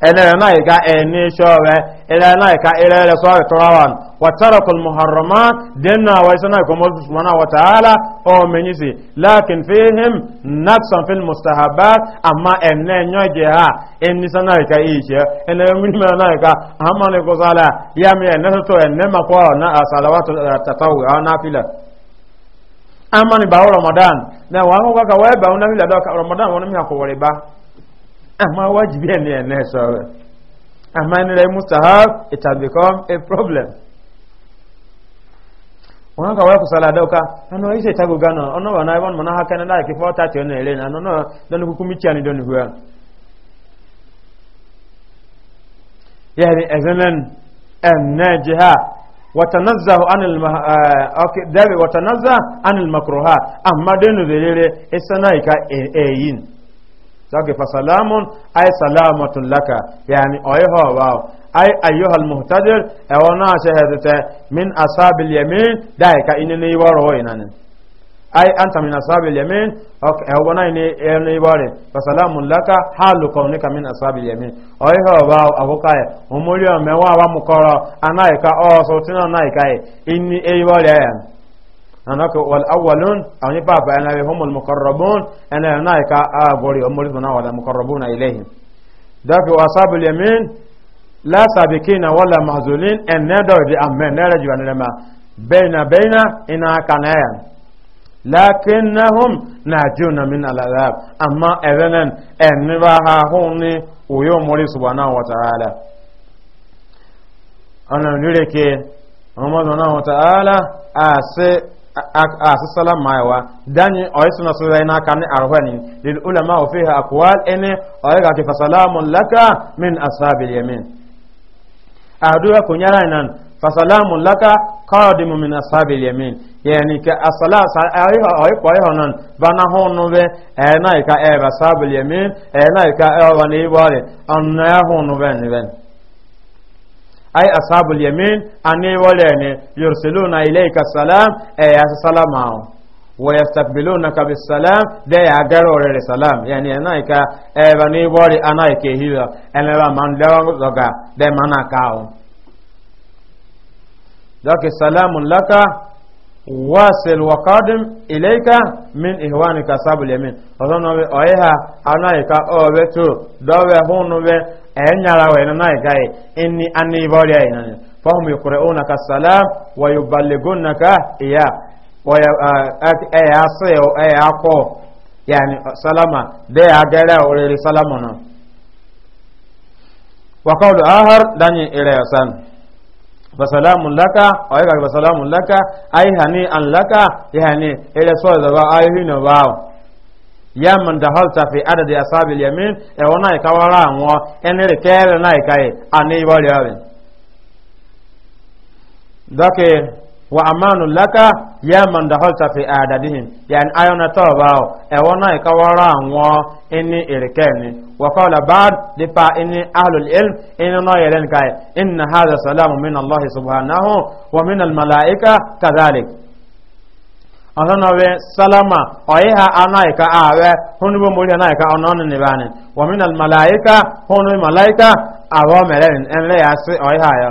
ele naika eni shore ele naika ele sore torawan وترك المحرمات دنا ويسنا كما سبحانه وتعالى او منيسي لكن فيهم نقص في المستحبات اما ان نيجها ان سنا كايش ان من ما كا اما نكو صلاه يا مي نتو ان ما كو نا صلوات التطوع او نافله اما ني باو رمضان نا وانو كا وي باو نافله دو رمضان ونو مي اكو وربا اما واجب ان ان سو اما ان المستحب it has become a problem wọn ka waya kusala dauka ano ise tago gana ono wana ibon mana haka na dai kifo ta tiyo ne na ano no don ku kumi tiani don huwa yani azanan an najiha wa tanazzahu an eh, al amma denu delele isanaika e, eyin zaka fa salamun ay laka yani oyho ay ayyuhal muhtadir e wona shahadata min asabil yamin dai ka inene waro inane ay anta min asabil yamin ok e wona ine ene waro fa salamun laka halu kaunika min asabil yamin ay ho ba abuka e umuri o mewa wa mukoro anai ka o so tina nai kai inni e waro ya anaka wal awwalun awni papa ana be humul muqarrabun ana naika a gori umuri suna wal muqarrabuna ilayhim dafo asabul yamin la sabikina wala mahzulin en ne do di amme ne raju baina baina ina kanayan lakinnahum najuna min al'adab amma evenen en ba ha hunni uyo mori subhanahu wa ta'ala ana nure ke amma subhanahu wa ta'ala ase ase salam maiwa dani oysu na sura ina kan arhani lil ulama fiha aqwal ene oyga ke fasalamun laka min ashabil yamin ahaduka kunyara nan fasalamu laka qadimu min ashabil yamin yani ka asala ayiha ayiha ayiha nan bana honu be ena ka e ba sabil yamin ena ka e wa ni bale anna ya honu be ni yamin ani wala ne yursiluna ilayka salam e ya salama ويستقبلونك بالسلام ده يعجروا رير السلام يعني هناك ايباني بوري هناك هيلا انا من لو زغا ده منا كاو ذاك السلام لك واصل وقادم اليك من اخوانك اصحاب اليمين فظن اويها هناك او بتو دو هونو enyara wena na gai inni anni bori ayina fahum yuqra'unaka salam wa yuballigunaka iya ẹ̀yà sẹ́yọ ẹ̀yà kọ́ yàní sálámà bẹ́ẹ̀ agẹ́rẹ́ òrèrè sálámà náà wakọ́lù ahar dányi ìrẹ̀ ọ̀sán basalamun laka ọ̀yẹ́ kàkì basalamun laka ayi hani an laka yi hani ilẹ̀ sọ́ọ̀ zaba ayi hinu báwọ̀ o man da halta fi adadi asabil yamin e wona e kawara anwo enere kere na e kai ani wali awen dake wa amanu laka ya man da holta fi adadihim yani ayona tawbao e wona e kawara anwo inni irkeni wa qala ba'd li fa inni ahlul ilm inna no yelen kai inna hadha salamu min allah subhanahu wa min al malaika kadhalik ọ̀sánàwẹ̀ sálámà ọ̀yíha anáìka ààrẹ húnúbó mórí anáìka ọ̀nà nìbàní wọ̀mínà màláíkà húnú màláíkà àwọn mẹ̀rẹ̀ ẹ̀rẹ́ yà sí ọ̀yíha yọ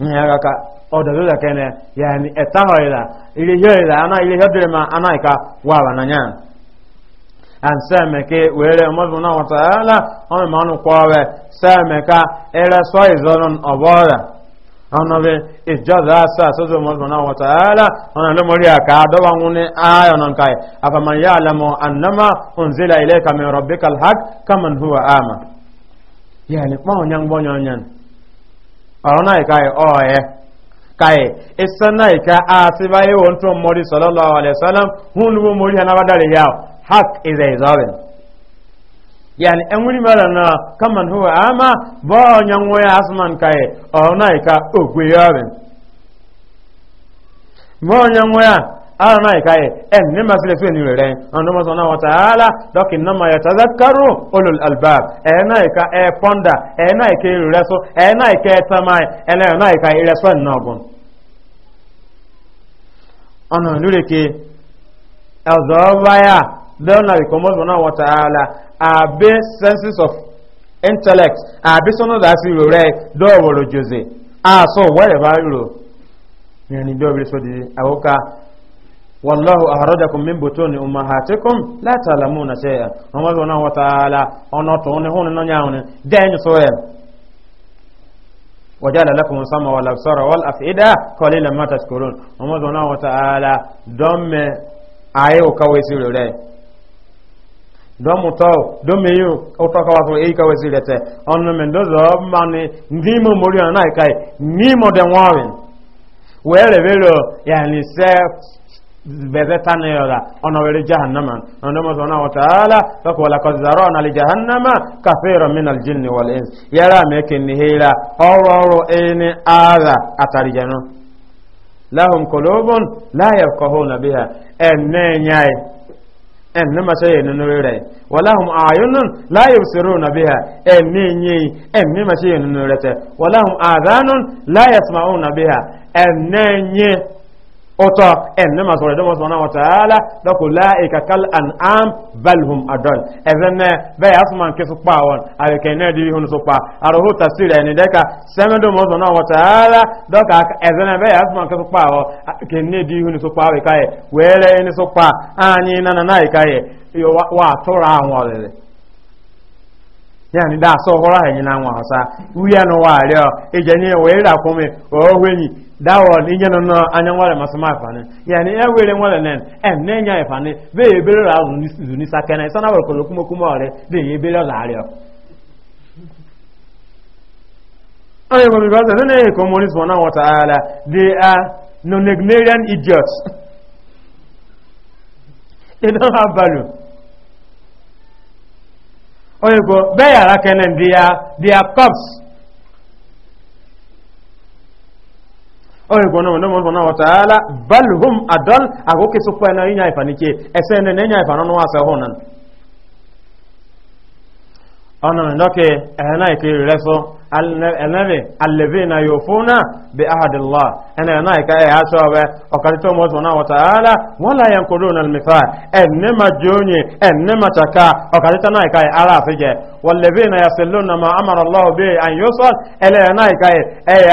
nyagaka odogoga kene yani etahoila ilihoila ana ilihodirema anaika wawa nanya ansemeke were omozuna wataala ome manu kwawe semeka ere so izonon obora onobe ijaza asa sozo omozuna wataala ona lo mori aka adoba ngune ayo non kai afa man ya'lamu annama unzila ilayka min rabbikal haq kaman huwa ama yani ma onyangbonyo nyan ọ̀rọ̀nà ìka ọ̀ẹ́ kai ìsanná ìka àti báyé wọn tó mọ́rí sọ́lọ́lọ́ alẹ́sọ́lọ́m hún lúwọ́ ha anábádàrí ya hak ìzẹ̀ ìzọ́bìn yàni ẹn wúrí mẹ́rẹ̀ náà kọ́mọ̀ hù àmà bọ́ọ̀nyàn wọ́n yá asman kai ọ̀rọ̀nà ìka ya. ara náà ìka yẹ ẹ ní ma sílẹ̀ fún ènìyàn rẹ̀ ọ̀nà mọ́sán náà wọ́n tààlà dọ́kì náà ma yẹ tazakaru albab ẹ náà ìka ẹ pọ́ndà ẹ náà ìka èrò rẹ̀ sọ ẹ náà ìka ẹ tàmà ẹ náà ìka èrè sọ ẹ̀ náà bọ̀n. ọ̀nà lóríkè ẹ̀zọ́ báyà lọ́nà ìkọ́mọ́sán náà wọ́n senses of intellect àbí sọ́nà dàásì rò rẹ̀ dọ́ọ̀wọ̀rọ̀ jose àṣọ ni bá rò ní ẹni bí ọ wallahu ahrajakum min butuni ummahatikum la ta'lamuna shay'a amma zona wa ta'ala ono to ne hono no nyaawne deñu soye wajala lakum sama wal absara wal afida qalilan ma tashkurun amma zona wa ta'ala domme ayo kawesiro re don mu tɔ don mi o tɔ ka wa sɔrɔ e ka wesi lɛ tɛ ɔn mɛ do zɔ ma ni ni mo mori na n'a ye ka ye ni mo de ŋɔɔri wɛrɛ bɛ lɔ yanni sɛ bɛzɛ ta ne yɔra ɔnɔ wɛrɛ jahannama ɔnɔ mɔ sɔnna wa taala fɛkɔ wala kɔ zara ɔnɔ ali jahannama ka fɛrɛ min ali jin ni wale ins yɛrɛ mɛ kɛ ni hera ɔrɔ ɔrɔ ee ni aara a tari jɛnɔ lahum kolobon la yafqahuna biha ɛnɛ nyaɛ ɛnɛ ma sɛ yɛ nunu rɛ walahum ayunun la yubsiruna biha ɛnɛ nyɛɛ ɛnɛ ma sɛ yɛ nunu rɛ tɛ walahum adanun la yasma'una biha ɛnɛ nyɛɛ ọ̀tọ̀ ẹ̀nẹ́mà sọ̀rọ̀ ìdánwò sọ̀rọ̀ náà wọ̀tàálá lọ́kù láìka kal an am balhum adol ẹ̀fẹ́ náà bẹ́ẹ̀ asùnmàn kí súpá wọn àríkẹ̀ náà dìrí hún súpá àrùhù tàṣírì ẹni dẹ́ka sẹ́mẹ́dùn mọ́ sọ̀rọ̀ náà wọ̀tàálá lọ́kà ẹ̀fẹ́ náà bẹ́ẹ̀ asùnmàn kí súpá wọn àríkẹ̀ náà dìrí hún súpá wẹ̀káyẹ̀ wẹ́ẹ́rẹ́ ẹni yani da so hora hanyi na nwa sa uya no wa e e ni we ra ko mi o da wo ni je no anya e fa ni yani e nen ne nya fa ni be e ra ni ni sa na wo ko kuma kuma ore be e bere la re ayo bo mi ba za ne ko they are non idiots they don't value oyibo bẹ́yàrá kẹ́nẹ̀ their cups oyibo náà ní mọ́nà wọ̀tàálá balhum adọ́l àkókè tó pẹ́ náà yíyàn ìfàníkẹ́ ẹsẹ́ ẹni nẹ́yàn ìfànánú wá sẹ́hùn náà ọ̀nà ìdọ́kẹ́ ẹ̀hẹ́nà ìkiri rẹ̀ sọ الذين يوفون بعهد الله انا انا كا يا سوى وكرتو مو سبحانه وتعالى ولا ينقضون الميثاق انما جوني انما تكا وكرتو انا كا ارا فجه والذين يصلون ما امر الله به ان يصل الا انا كا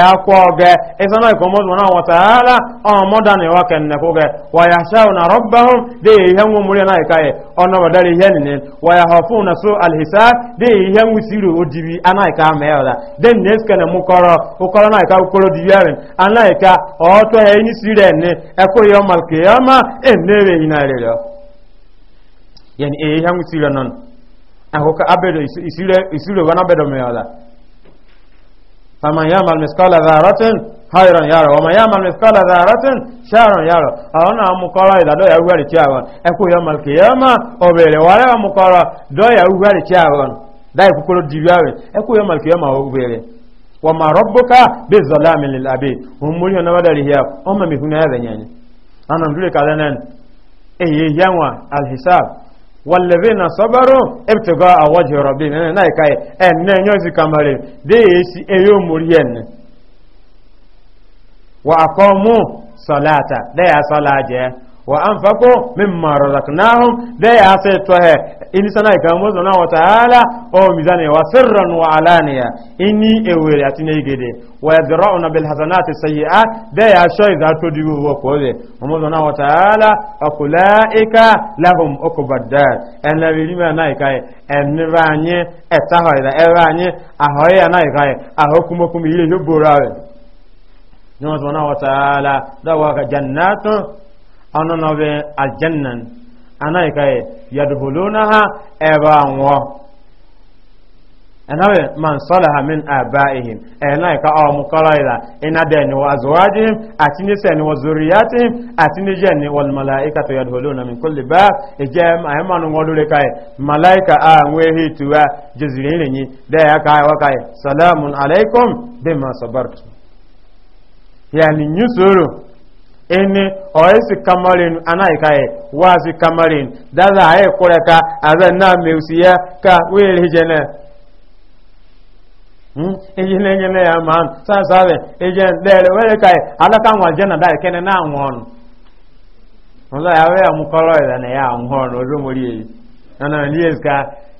يا كوغ اذا كما سبحانه وتعالى او مدن وكن كوغ ويخشون ربهم دي هم مرينا كا ono wadari yanin wayahafuna su alhisab dai yan wisiru odibi ana ka meyola den ne skene mukoro ukoro na ka ukoro di ana ka o to ni sire ne e ko yo ma qiyama en ne re ina re yani e hangu sire non ahoka abedo isire isire wana bedo me faman yamal miskala dharatin hairan yaro wa mayamal mithqala dharatin sharan yaro aona mukara ida do ya ugari chawa eku yamal qiyama obere wala mukara do ya ugari chawa dai kukuro dibiawe eku yoma kiyoma obere wa ma rabbuka bi zalamin lil abi umuri na wadari hiya umma mi huna ya nyanya anan dule kala nan e eh, ye yanwa al hisab والذين صبروا ابتغاء وجه ربهم انا كاي ان نيوزي كامري دي سي ايو مريان واقاموا صلاه ده صلاه wa anfaqu mimma razaqnahum da ya sai to he in sana ka mo zona wa ta'ala o mizani wa sirran wa alaniya inni ewere atine gede wa yadra'una bil hasanati sayyi'at da ya shoy za to di wo ko de mo zona wa ta'ala akulaika lahum ukubaddat en la wi ma nai kai en ni vanye eta hoida e vanye ahoya nai kai ahokumo kumi ile yo borawe Nyɔnua sɔnna wa taala dɔw b'a ka jannaatu ọ̀nà ọ̀bẹ aljannan anáyíká yẹ yadhulunaha ẹ̀bá wọn ẹ̀nàwẹ̀ man salaha min abaihim ẹ̀nàyíká ọmọ kọ́rọ̀ ìlà iná dẹ̀ ni wọ́n azwajihim àti níṣẹ́ ni wọ́n zuriyatihim àti níjẹ́ ni wọ́n malaika tó yadhuluna min kulli bab ìjẹ́ àyẹ̀mánu wọn lórí káyẹ̀ malaika àwọn ehi tiwa jẹzìrì ìrìnyìn dẹ́yà káyẹ̀ wọ́káyẹ̀ salamun alaykum bima sabartum yàní nyúsòrò ene oesi kamarin anaikaye wasi kamarin daza aye kureka azan na ya ka wele hijene hmm ejene ngene ya man sa sabe ejen dele wele kai alaka nwa jena dai kene na nwon ola ya we amukoro ile na ya nwon olumori e na na ni eska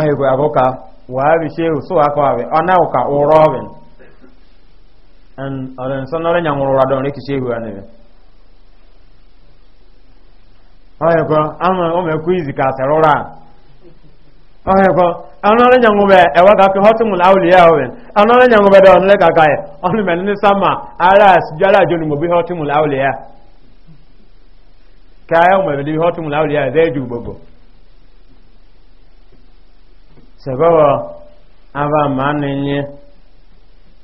ahịkwa ya ka waa bi aka abi ana ụrọ ọbin and nsọ nọrọ nya nwụrụ ụra dọrọ eki shehu ya nebe ahịkwa ama o izi ka asịrị ụra ahịkwa nya nwụbe e ka awụli ya ọbin anọrọ nya nwụbe dọrọ ya ọnụ ihe ya ka ya ụmụ ebe dị ihe ya sabawa aba mani ne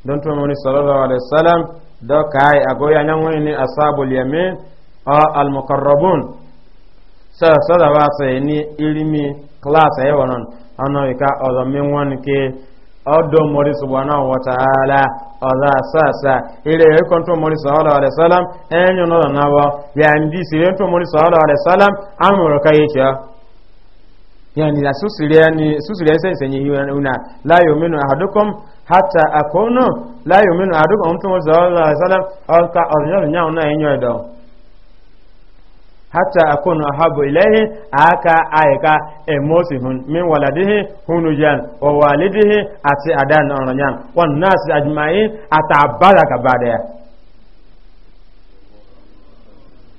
don tuwa muni sallallahu alaihi wasallam da kai agoya nan wani ne asabul yamin a al-muqarrabun sa sadawa sai ni ilimi class ayi wannan ana ka azamin wani ke ọdọ mọ̀rí ṣùgbọ́n wọ̀tàálà ọ̀dá sáàsá ilẹ̀ ẹ̀kọ́ tó mọ̀rí sọ̀rọ̀ alẹ́ sálám ẹ̀yìn náà náà wọ yà ń bí sí ẹ̀kọ́ mọ̀rí sọ̀rọ̀ alẹ́ sálám amurka yìí yani la susiriani susiriani senye yuna la yuminu ahadukum hata akono la yuminu ahadukum mtu sallallahu alaihi wasallam alka alnyo nya una enyo do hata akono ahabu ilehi aka aika emosi hun min waladihi hunujan wa walidihi ati adan onyan wan nas ajmain ata baraka badaya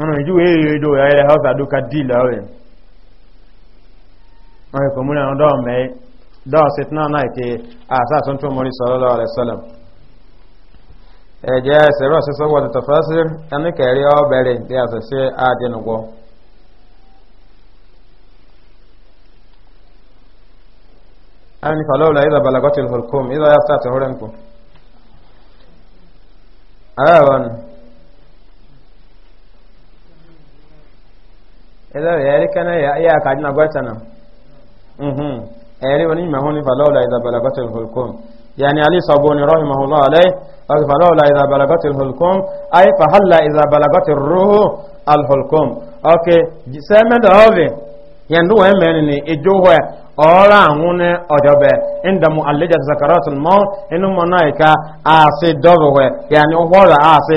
nínú ìjúwé ìrìdò ẹ̀rẹ̀ hausa dúkà dì lọ́rẹ̀ wọ́n ikọ̀ múlẹ̀ ọ̀dọ́ mẹ́ dọ́ọ̀sì náà náà ike àṣàṣùn tó mọ́rí sọ́lọ́lọ́ rẹ̀ sọ́lọ̀ ẹ̀jẹ̀ ẹ̀sẹ̀rọ̀ sísọ́ wọ́n ti tọ̀fẹ́sí ẹni kẹrí ọ̀bẹ̀rẹ̀ tí a ṣẹ̀ṣẹ̀ àdínugbọ́ ẹni kọlọ́ọ̀lọ́ ìdá balagọ́tì hulkum ìdá yàtọ̀ àti hórẹ́nkù. ẹlẹ́ rẹ̀ ẹ̀rí kẹ́nẹ́ yà kàdínà gọ́tẹ̀nà ẹ̀rí onímọ̀ hún ní falọ́ọ̀lá ìzàbàlá gọ́tẹ̀ hulkum yàní alì sọ̀bù ní rọ́hìmọ̀húnlá alẹ́ ọ̀sì falọ́ọ̀lá ìzàbàlá gọ́tẹ̀ hulkum ayé fàhálà ìzàbàlá gọ́tẹ̀ rúhù alhulkum ok sẹ́mẹ́dà ọ̀vì yẹndu wọ́n mẹ́rin ní ìjó họ́ ọ̀rọ̀ àwọn ní ọ̀jọ̀bẹ̀ ìndàmú àlejò zakaratul mọ́ inú mọ́ náà ìka àṣì dọ́rọ̀ họ́ yàní ọ̀họ́rọ̀ àṣì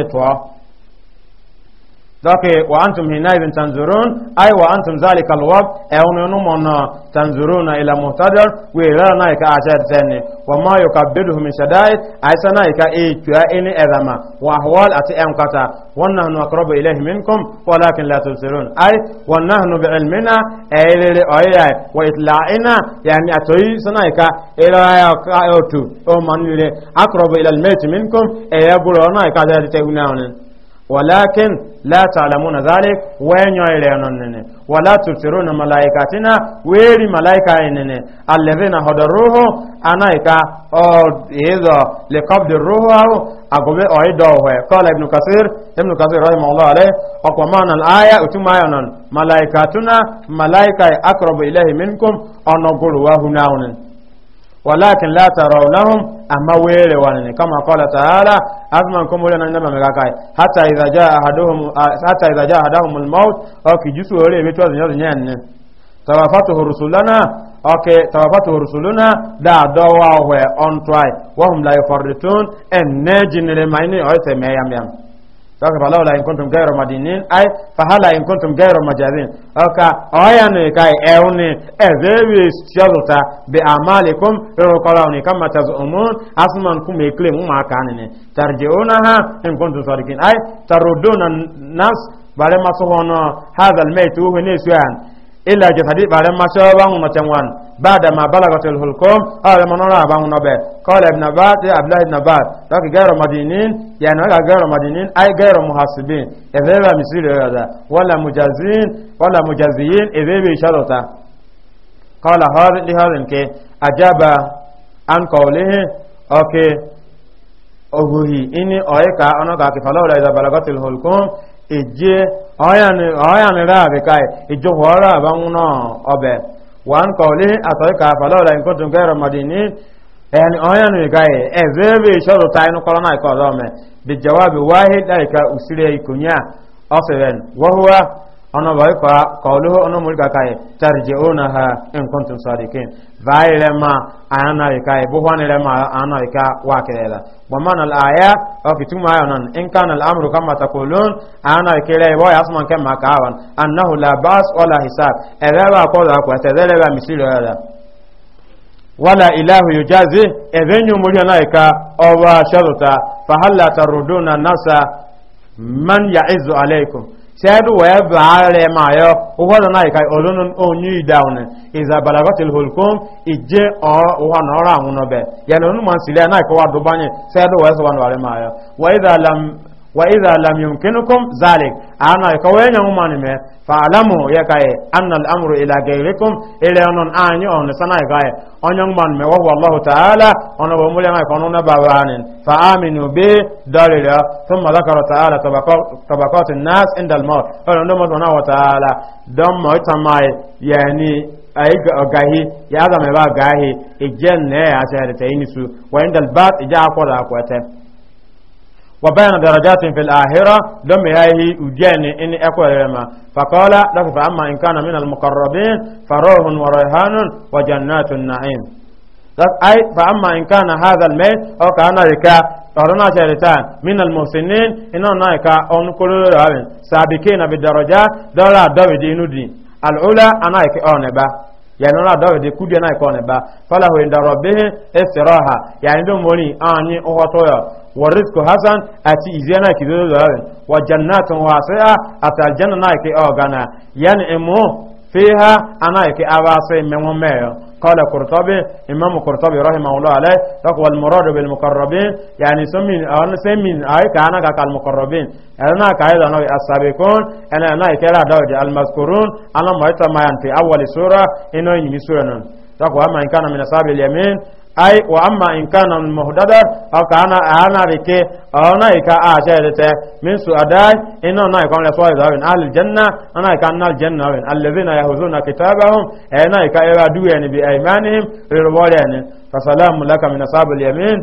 ذاك وأنتم حينئذ تنظرون أي وأنتم ذلك الوقت أونون تنظرون إلى مهتدر وإلى نايك أشد سنة وما يكبده من شدائد أي سنايك إيه إني أذما وأحوال أتي أمكتا ونحن أقرب إليه منكم ولكن لا تنظرون أي ونحن بعلمنا أي أي وإطلاعنا يعني أتوي سنايك إلى أوتو أو من أقرب إلى الميت منكم أي أبو نايك أشد تهونون ولكن لا تعلمون ذلك وين يرينون ولا تبصرون ملائكتنا وير ملائكة إننا الذين هدروه أنا إكا إذا لقبض الروح أقبل أعيدوه قال ابن كثير ابن كثير رحمه الله عليه أقوامان الآية أتمايون ملائكتنا ملائكة أقرب إليه منكم أنقلوا هنا ولكن لا ترونهم أما ويري وانني كما قال تعالى أفمن كم ولنا نبا مكاكاي حتى إذا جاء أحدهم حتى إذا جاء أحدهم الموت أو كي جسو ولي بيتوا زنيا زنيا توفته رسولنا أوكي توفته رسولنا دا دوا وهم لا يفرطون أن نجن لمعيني أو تميام يام, يام donc falaw la in kuntum gayro madinin ay fahala in kuntum gayro majazin oka oyani kai ewni ezewi shazuta bi amalikum rokolawni kama tazumun asman kum ekle muma kanini tarjiunaha in kuntum sadikin ay taruduna nas bare masohono hadha almayt uhu ne suyan illa jihadi bare ma so ba mu matan wan ba'da ma balagat al hulqum ala man ra ba mu no be qala ibn abbas ya abdullah ibn abbas ta ki gairo madinin ya no ga gairo madinin ay gairo muhasibin ezeba misiri ya wala mujazin wala mujaziyin ezebe sharota qala hadi li hadin ke ajaba an qawlihi okay oguhi ini oyeka onoka ki falaw la iza balagatil hulqum eje ọyàn rẹ̀ àbíká ìjọba ọ̀rọ̀ àbáwọn ọbẹ̀ wọn kọ̀ àtọ́ríkà àfàlọ́ọ̀lá ìkọ́tún kẹrọ mọ̀dínì ẹni ọyàn rẹ̀ káyẹ ẹ̀zẹ́rẹ̀ ìṣọ́rọ̀ ono bai fa qawluhu ono mulka kai tarji'una ha in kuntum sadiqin vaile ma ana kai bu hanire ma ana ka wa kirela wa man al aya o kituma ayonan in kana al amru kama taqulun ana kire bo yasman kama kawan annahu la bas wala hisab ereba ko da ko tezeleba misiro ya wala ilahu yujazi evenyu mulya naika owa sharuta fahalla taruduna nasa man ya'izu alaikum sẹ́ẹ̀dù wẹ́ẹ́ bàárẹ̀ máa yọ ọwọ́dọ̀ náà ìka ọlọ́nà oyún ìdáhùn ìzà balagọ́tì holcomb ìjẹ́ ọ̀hún ọ̀rọ̀ àwọn ọ̀bẹ̀ yẹn lónìí mọ̀ sílẹ̀ náà ìkọwà dùbáyìn sẹ́ẹ̀dù wẹ́ẹ́ sọ̀wọ́n wàrẹ̀ máa yọ wẹ́ẹ́ wa idha lam yumkinukum zalik ana ka wenya umani me fa alamu yakaye anna al-amru ila ghayrikum ila anon anyo on sana yakaye onyon man me wa wallahu ta'ala ono bo mulya mai kono na babanin fa aminu bi dalila thumma dhakara ta'ala tabaqat an-nas inda al-maut ono ndo mo wa ta'ala dom mo tamai yani ay gahi ya zama ba gahi ijen ne ya ta ta yinisu wa inda al-bat ija akwala akwata وبين درجات في الآخرة دم هاي وديان إن أكوهما فقال لك فأما إن كان من المقربين فروح وريحان وجنات النعيم لك أي فأما إن كان هذا الميت أو كان ركا أرنا شريطان من المحسنين إنه نايكا أن كل سابقين بالدرجات دولا دويد إنودي الأولى أنايك أونبا yẹn nínú àdáwò èdè kúdìẹ náà ẹkọ ọ̀nà ẹ̀bá fọláhùn ìdàrọ̀ bíi ẹsẹ̀ rọ̀ ha yẹn ní dùn mọ́rin àwọn ní ọkọ̀ والرزق حسن أتي إزينا كده ذلك وجنات واسعة أتى الجنة نايك أوغانا ينعمو فيها أنا يكي أباسي من قال قرطبي إمام قرطبي رحمه الله عليه تقوى المراد بالمقربين يعني سمين أنا سمين أي كأنا المقربين أنا كأيضا أنا السابقون أنا أنا كلا دوج المذكورون أنا ما يتمين في أول سورة إنه يمسون tako ama in kana min asabil yamin ai wa amma in kana min muhdada aw kana ana rike ona ika a shayarete min su adai inna na ikon rasul da bin al janna ana ika na janna bin allazina yahuzuna kitabahum ana ika ira duwe ni bi aymanihim rirwore ne fa salamu laka min asabil yamin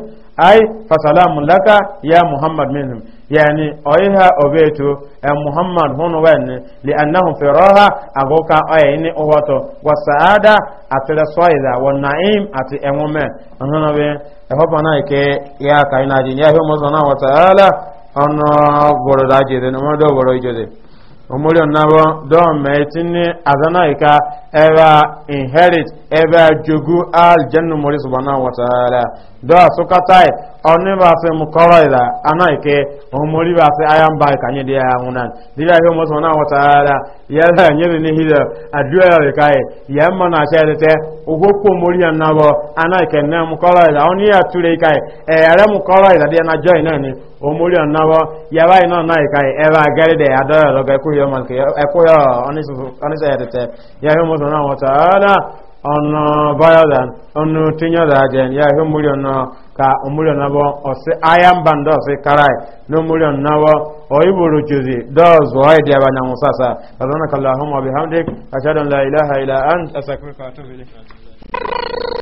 ai fasalamu laka ya muhammad minhum yani oiha obeto e muhammad hunu wenne li annahum fi raha agoka ayini ohoto wa saada atira soida wa naim ati enwome anana be e hopa na ike ya kaina jin ya hu mozana wa taala ono goro daje de no do goro ijode omori onabo don azana azanaika eba inherit eba jogu aljannu mori subhanahu wa ta'ala do sukatai oni ba se mukoro ila anaike omori ba se ayan ba kanye dia hunan dira he mo subhanahu wa ta'ala yala nyere ni hida adua ya kai yamma na shedete ogoko omori onabo anaike ne mukoro ila oni ya ture kai e ara mukoro ila dia na join nani omori ọ̀nàwọ́ yàrá iná náà ìka ẹ̀rọ agẹ́rẹ́dẹ̀ àdọ́rẹ̀ lọ́gọ́ ẹkúyọ ẹkúyọ oníṣẹ́ ẹ̀tẹ̀tẹ̀ yàrá mọ́tò náà wọ́n tààdà ọ̀nà báyọ̀dà ọ̀nà tíyọ̀dà jẹ́ yàrá omori ọ̀nà ka omori ọ̀nàwọ́ ọ̀sẹ̀ ayambandọ̀ sí karai ní omori ọ̀nàwọ́ ọ̀yíbòrò jòzì dọ́ọ̀zọ̀ ẹ̀dẹ̀ abanyanwó sàṣà ọ̀dọ́nà kàlá ọ̀hún ọ̀bí hamdik àṣàdọ̀nà ilẹ̀ ilẹ̀ àṣàkùnkà tó fi